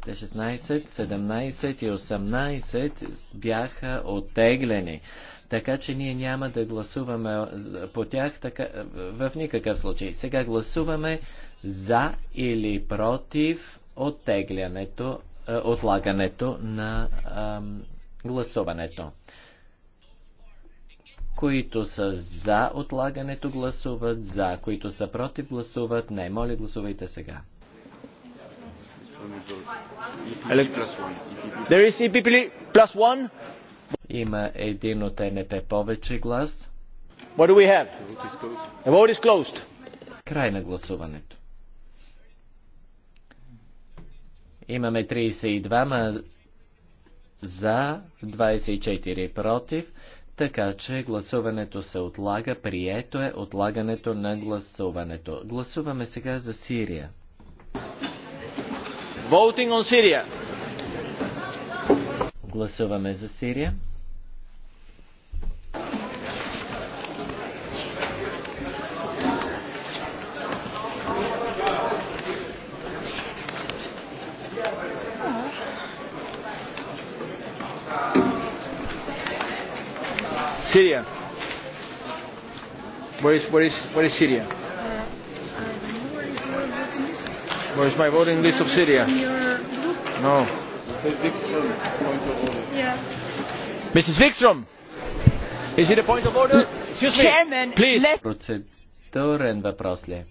16, 17 и 18 бяха оттеглени. Така че ние няма да гласуваме по тях така, в никакъв случай. Сега гласуваме за или против оттеглянето, е, отлагането на ам, гласуването. Които са за отлагането гласуват за, които са против гласуват не. Моля гласувайте сега. There is EPP plus one. Има един от НП повече глас. What do we have? The vote is closed. Край на гласуването. Имаме 32 за, 24 против, така че гласуването се отлага, прието е отлагането на гласуването. Гласуваме сега за Сирия. Voting on Syria. Гласуваме за Сирия. Syria. Where is where is where is Syria? Uh, where is my voting list of Syria? No. Mrs. Wikström, is it a point of order? Excuse me, Chairman, please. Let... Процедурен въпрос ли?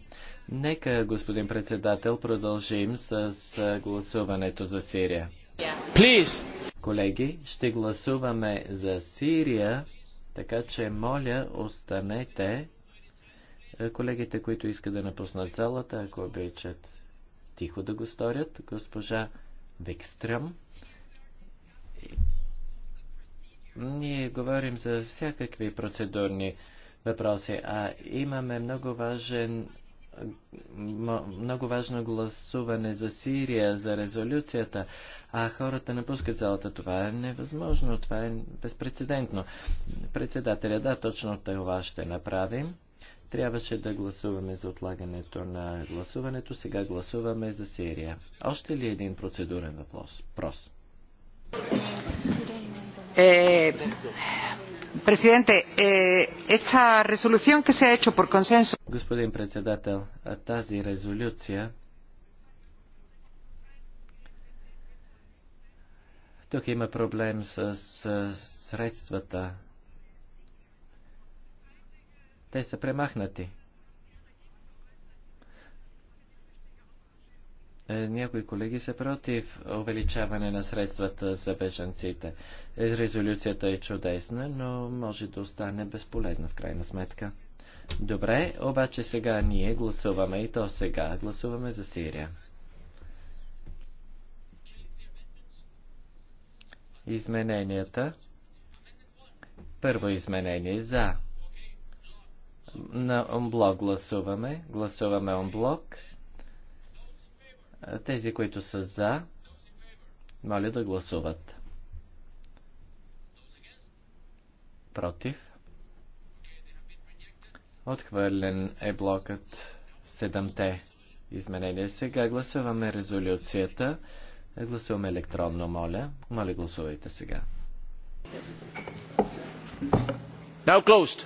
Нека, господин председател, продължим с гласуването за Сирия. Please. Колеги, ще гласуваме за Сирия, така че моля останете колегите, които искат да напуснат залата, ако обичат тихо да го сторят, госпожа Викстрем. Ние говорим за всякакви процедурни въпроси, а имаме много важен много важно гласуване за Сирия, за резолюцията, а хората напускат залата. Това е невъзможно, това е безпредседентно. Председателя, да, точно това ще направим. Трябваше да гласуваме за отлагането на гласуването, сега гласуваме за Сирия. Още ли един процедурен въпрос? Прост. Eh, Presidente, eh, esta resolución que se ha hecho por consenso. Господин председател, тази резолюция Тук има проблем с, с средствата. Те са премахнати. Е, някои колеги са против увеличаване на средствата за бежанците. Е, резолюцията е чудесна, но може да остане безполезна в крайна сметка. Добре, обаче сега ние гласуваме и то сега гласуваме за Сирия. Измененията. Първо изменение за. На омблок гласуваме. Гласуваме омблок. Тези, които са за, моля да гласуват. Против. Отхвърлен е блокът 7-те изменения. Сега гласуваме резолюцията. Гласуваме електронно, моля. Моля, гласувайте сега. Now closed.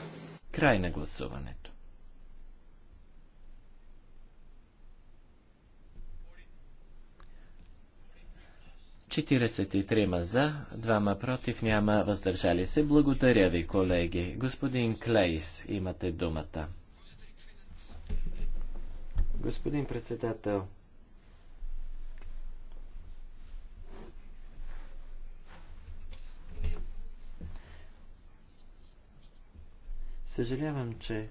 Край на гласуването. 43 за, 2 против, няма въздържали се. Благодаря ви, колеги. Господин Клейс, имате думата. Господин председател, съжалявам, че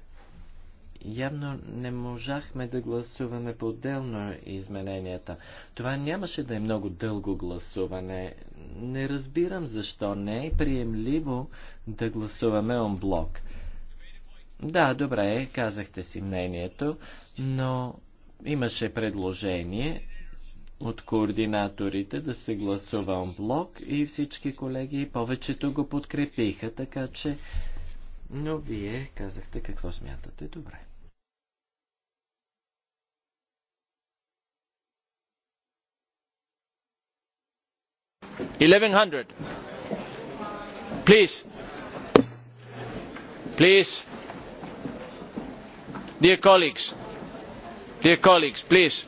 явно не можахме да гласуваме по-отделно измененията. Това нямаше да е много дълго гласуване. Не разбирам защо не е приемливо да гласуваме онблок. Да, добре, казахте си мнението, но имаше предложение от координаторите да се гласува онблок и всички колеги повечето го подкрепиха, така че но вие казахте какво смятате добре. eleven hundred please please dear colleagues dear colleagues please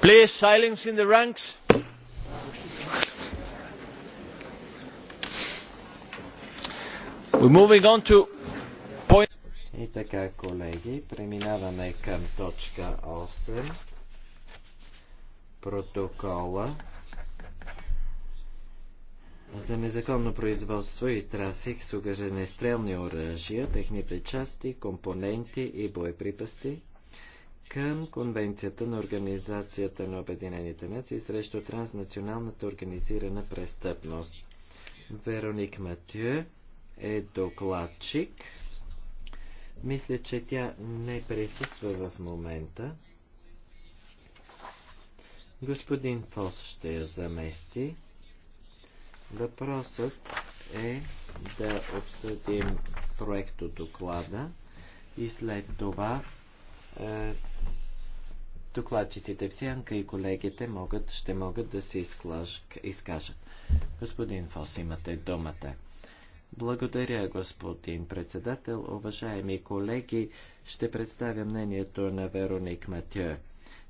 please silence in the ranks we're moving on to и така, колеги, преминаваме към точка 8. Протокола за незаконно производство и трафик с стрелни оръжия, техните части, компоненти и боеприпаси към Конвенцията на Организацията на Обединените нации срещу транснационалната организирана престъпност. Вероник Матю е докладчик. Мисля, че тя не присъства в момента. Господин Фос ще я замести. Въпросът е да обсъдим проекто доклада и след това е, докладчиците в сянка и колегите могат, ще могат да се изкажат. Господин Фос, имате думата. Благодаря, господин председател. Уважаеми колеги, ще представя мнението на Вероник Матю.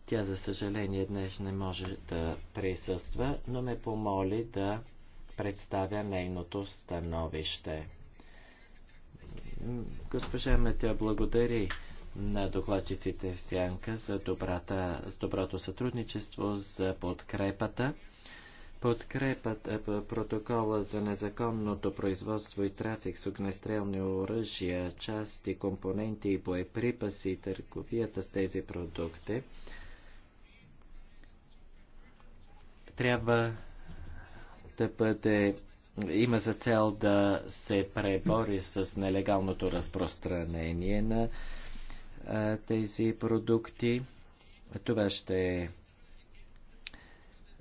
Тя, за съжаление, днес не може да присъства, но ме помоли да представя нейното становище. Госпожа Матю благодари на докладчиците в Сянка за добрата, за доброто сътрудничество, за подкрепата подкрепят е, протокола за незаконното производство и трафик с огнестрелни оръжия, части, компоненти и боеприпаси и търговията с тези продукти. Трябва да бъде има за цел да се пребори с нелегалното разпространение на а, тези продукти. Това ще е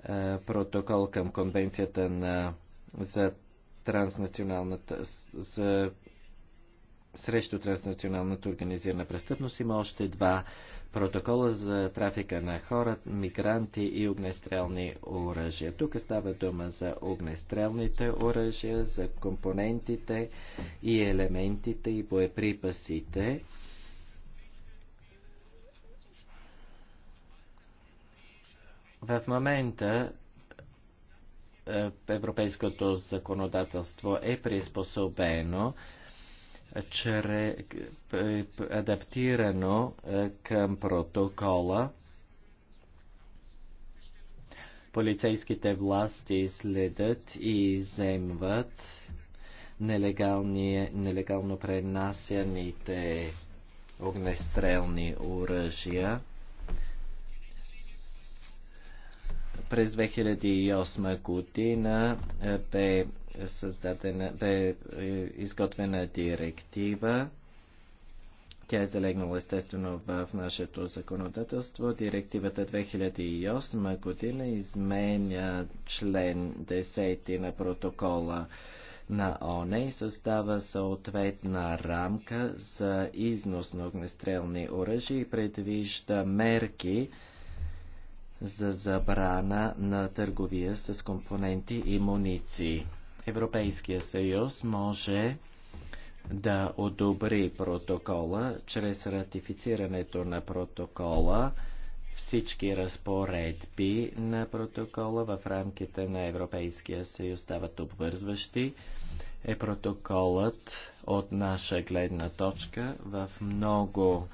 е, протокол към конвенцията на, за транснационалната, за, срещу транснационалната организирана престъпност. Има още два протокола за трафика на хора, мигранти и огнестрелни оръжия. Тук става дума за огнестрелните оръжия, за компонентите и елементите и боеприпасите. В момента е, европейското законодателство е приспособено е, чере, е, адаптирано към протокола. Полицейските власти следят и иземват нелегално пренасяните огнестрелни оръжия. През 2008 година е, бе, създадена, бе е, изготвена директива. Тя е залегнала естествено в нашето законодателство. Директивата 2008 година изменя член 10 на протокола на ОНЕ и създава съответна рамка за износ на огнестрелни оръжия и предвижда мерки за забрана на търговия с компоненти и муниции. Европейския съюз може да одобри протокола чрез ратифицирането на протокола всички разпоредби на протокола в рамките на Европейския съюз стават обвързващи. Е протоколът от наша гледна точка в много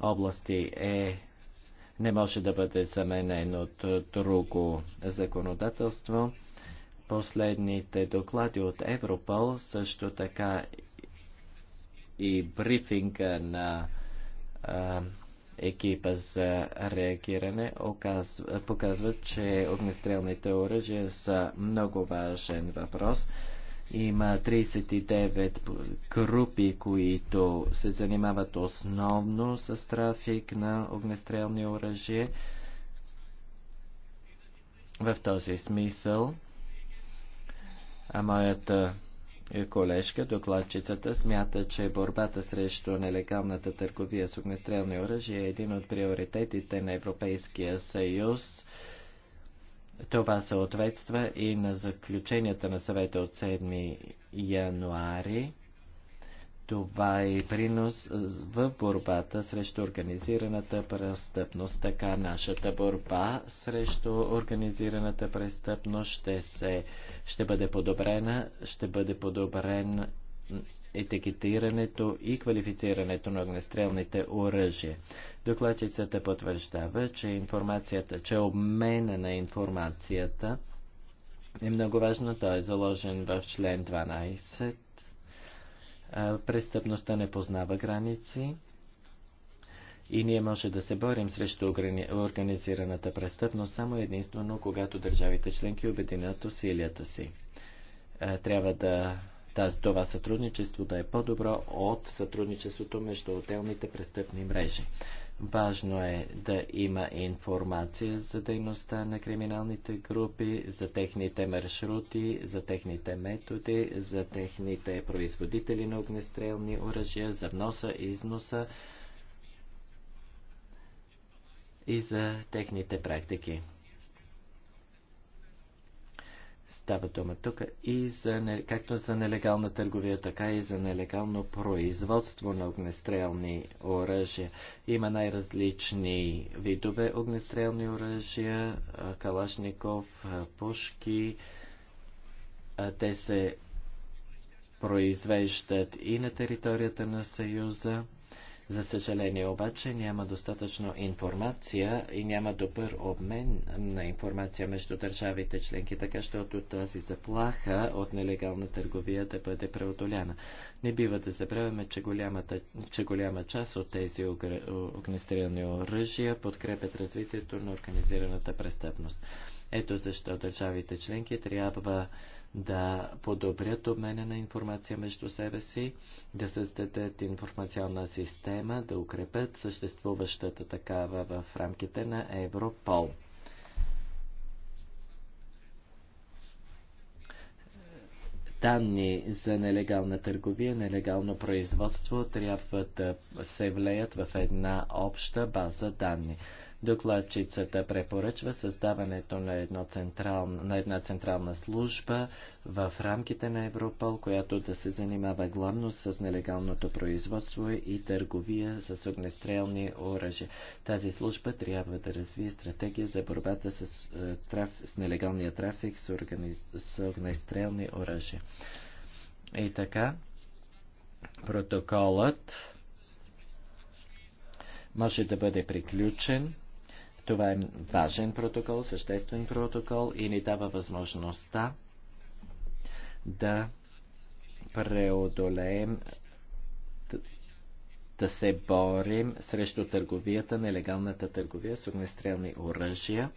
области е не може да бъде заменен от друго законодателство. Последните доклади от Европол, също така и брифинга на а, екипа за реагиране показват, че огнестрелните оръжия са много важен въпрос. Има 39 групи, които се занимават основно с трафик на огнестрелни оръжие. В този смисъл, а моята колежка, докладчицата, смята, че борбата срещу нелегалната търговия с огнестрелни оръжия е един от приоритетите на Европейския съюз това съответства и на заключенията на съвета от 7 януари. Това е принос в борбата срещу организираната престъпност. Така нашата борба срещу организираната престъпност ще, се, ще бъде подобрена, ще бъде подобрен етикетирането и квалифицирането на огнестрелните оръжия. Докладчицата потвърждава, че информацията, че обмена на информацията е много важно. Той е заложен в член 12. Престъпността не познава граници и ние може да се борим срещу организираната престъпност само единствено, когато държавите членки обединят усилията си. Трябва да тази, това сътрудничество да е по-добро от сътрудничеството между отделните престъпни мрежи. Важно е да има информация за дейността на криминалните групи, за техните маршрути, за техните методи, за техните производители на огнестрелни оръжия, за вноса, износа и за техните практики. Става дума тук и за, както за нелегална търговия, така и за нелегално производство на огнестрелни оръжия. Има най-различни видове огнестрелни оръжия, калашников, пушки. Те се произвеждат и на територията на Съюза. За съжаление обаче няма достатъчно информация и няма добър обмен на информация между държавите членки, така от тази заплаха от нелегална търговия да бъде преодоляна. Не бива да забравяме, че, голямата, че голяма част от тези огнестрелни оръжия подкрепят развитието на организираната престъпност. Ето защо държавите членки трябва да подобрят обмена на информация между себе си, да създадат информационна система, да укрепят съществуващата такава в рамките на Европол. данни за нелегална търговия, нелегално производство трябва да се влеят в една обща база данни. Докладчицата препоръчва създаването на, едно централ, на една централна служба в рамките на Европол, която да се занимава главно с нелегалното производство и търговия с огнестрелни оръжия. Тази служба трябва да развие стратегия за борбата с, е, траф, с нелегалния трафик с, органи... с огнестрелни оръжия. И така, протоколът може да бъде приключен. Това е важен протокол, съществен протокол и ни дава възможността да преодолеем да се борим срещу търговията, нелегалната търговия с огнестрелни оръжия.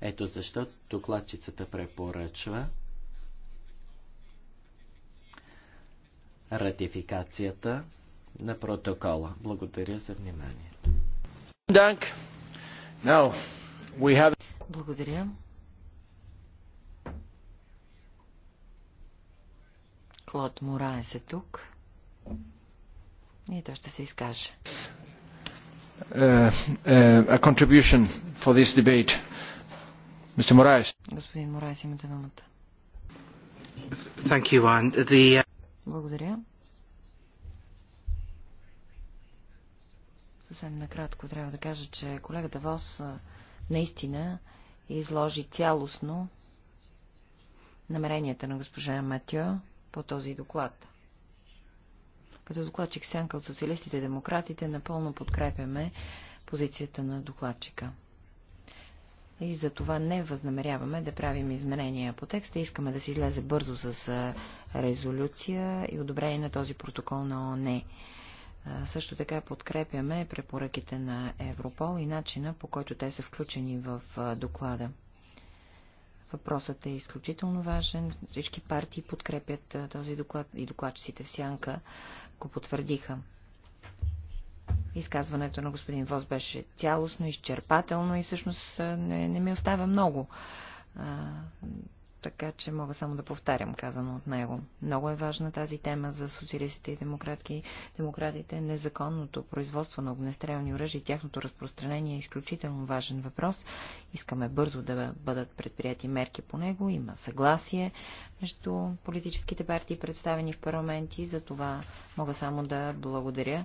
Ето защо докладчицата препоръчва ратификацията на протокола. Благодаря за вниманието. Благодаря. Клод Мораес е тук. И той ще се изкаже. Е, е, Господин Мораес, имате думата. Uh, Благодаря. Съвсем накратко трябва да кажа, че колегата Вос наистина изложи цялостно намеренията на госпожа Матьо по този доклад. Като докладчик Сянка от социалистите и демократите напълно подкрепяме позицията на докладчика. И за това не възнамеряваме да правим изменения по текста. Искаме да се излезе бързо с резолюция и одобрение на този протокол на ОНЕ. Също така подкрепяме препоръките на Европол и начина, по който те са включени в доклада. Въпросът е изключително важен. Всички партии подкрепят този доклад и докладчиците в Сянка го потвърдиха. Изказването на господин Воз беше цялостно, изчерпателно и всъщност не, не ми остава много така че мога само да повтарям казано от него. Много е важна тази тема за социалистите и демократки. демократите. Е незаконното производство на огнестрелни оръжия и тяхното разпространение е изключително важен въпрос. Искаме бързо да бъдат предприяти мерки по него. Има съгласие между политическите партии, представени в парламенти. За това мога само да благодаря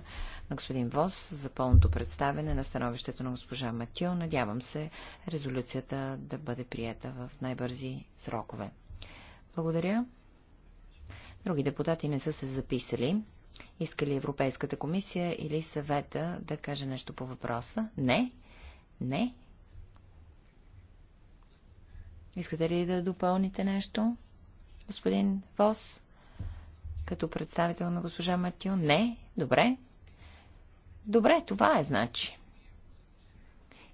на господин Вос за пълното представене на становището на госпожа Матио. Надявам се резолюцията да бъде прията в най-бързи срокове срокове. Благодаря. Други депутати не са се записали. Иска ли Европейската комисия или съвета да каже нещо по въпроса? Не. Не. Искате ли да допълните нещо, господин Вос, като представител на госпожа Матио? Не. Добре. Добре, това е значи.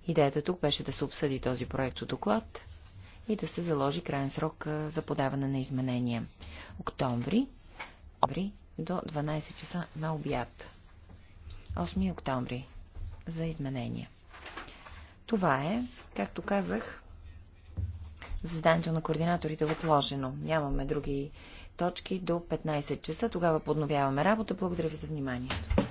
Идеята тук беше да се обсъди този проект от доклад и да се заложи крайен срок за подаване на изменения. Октомври, октомври до 12 часа на обяд. 8 октомври за изменения. Това е, както казах, заседанието на координаторите е отложено. Нямаме други точки до 15 часа. Тогава подновяваме работа. Благодаря ви за вниманието.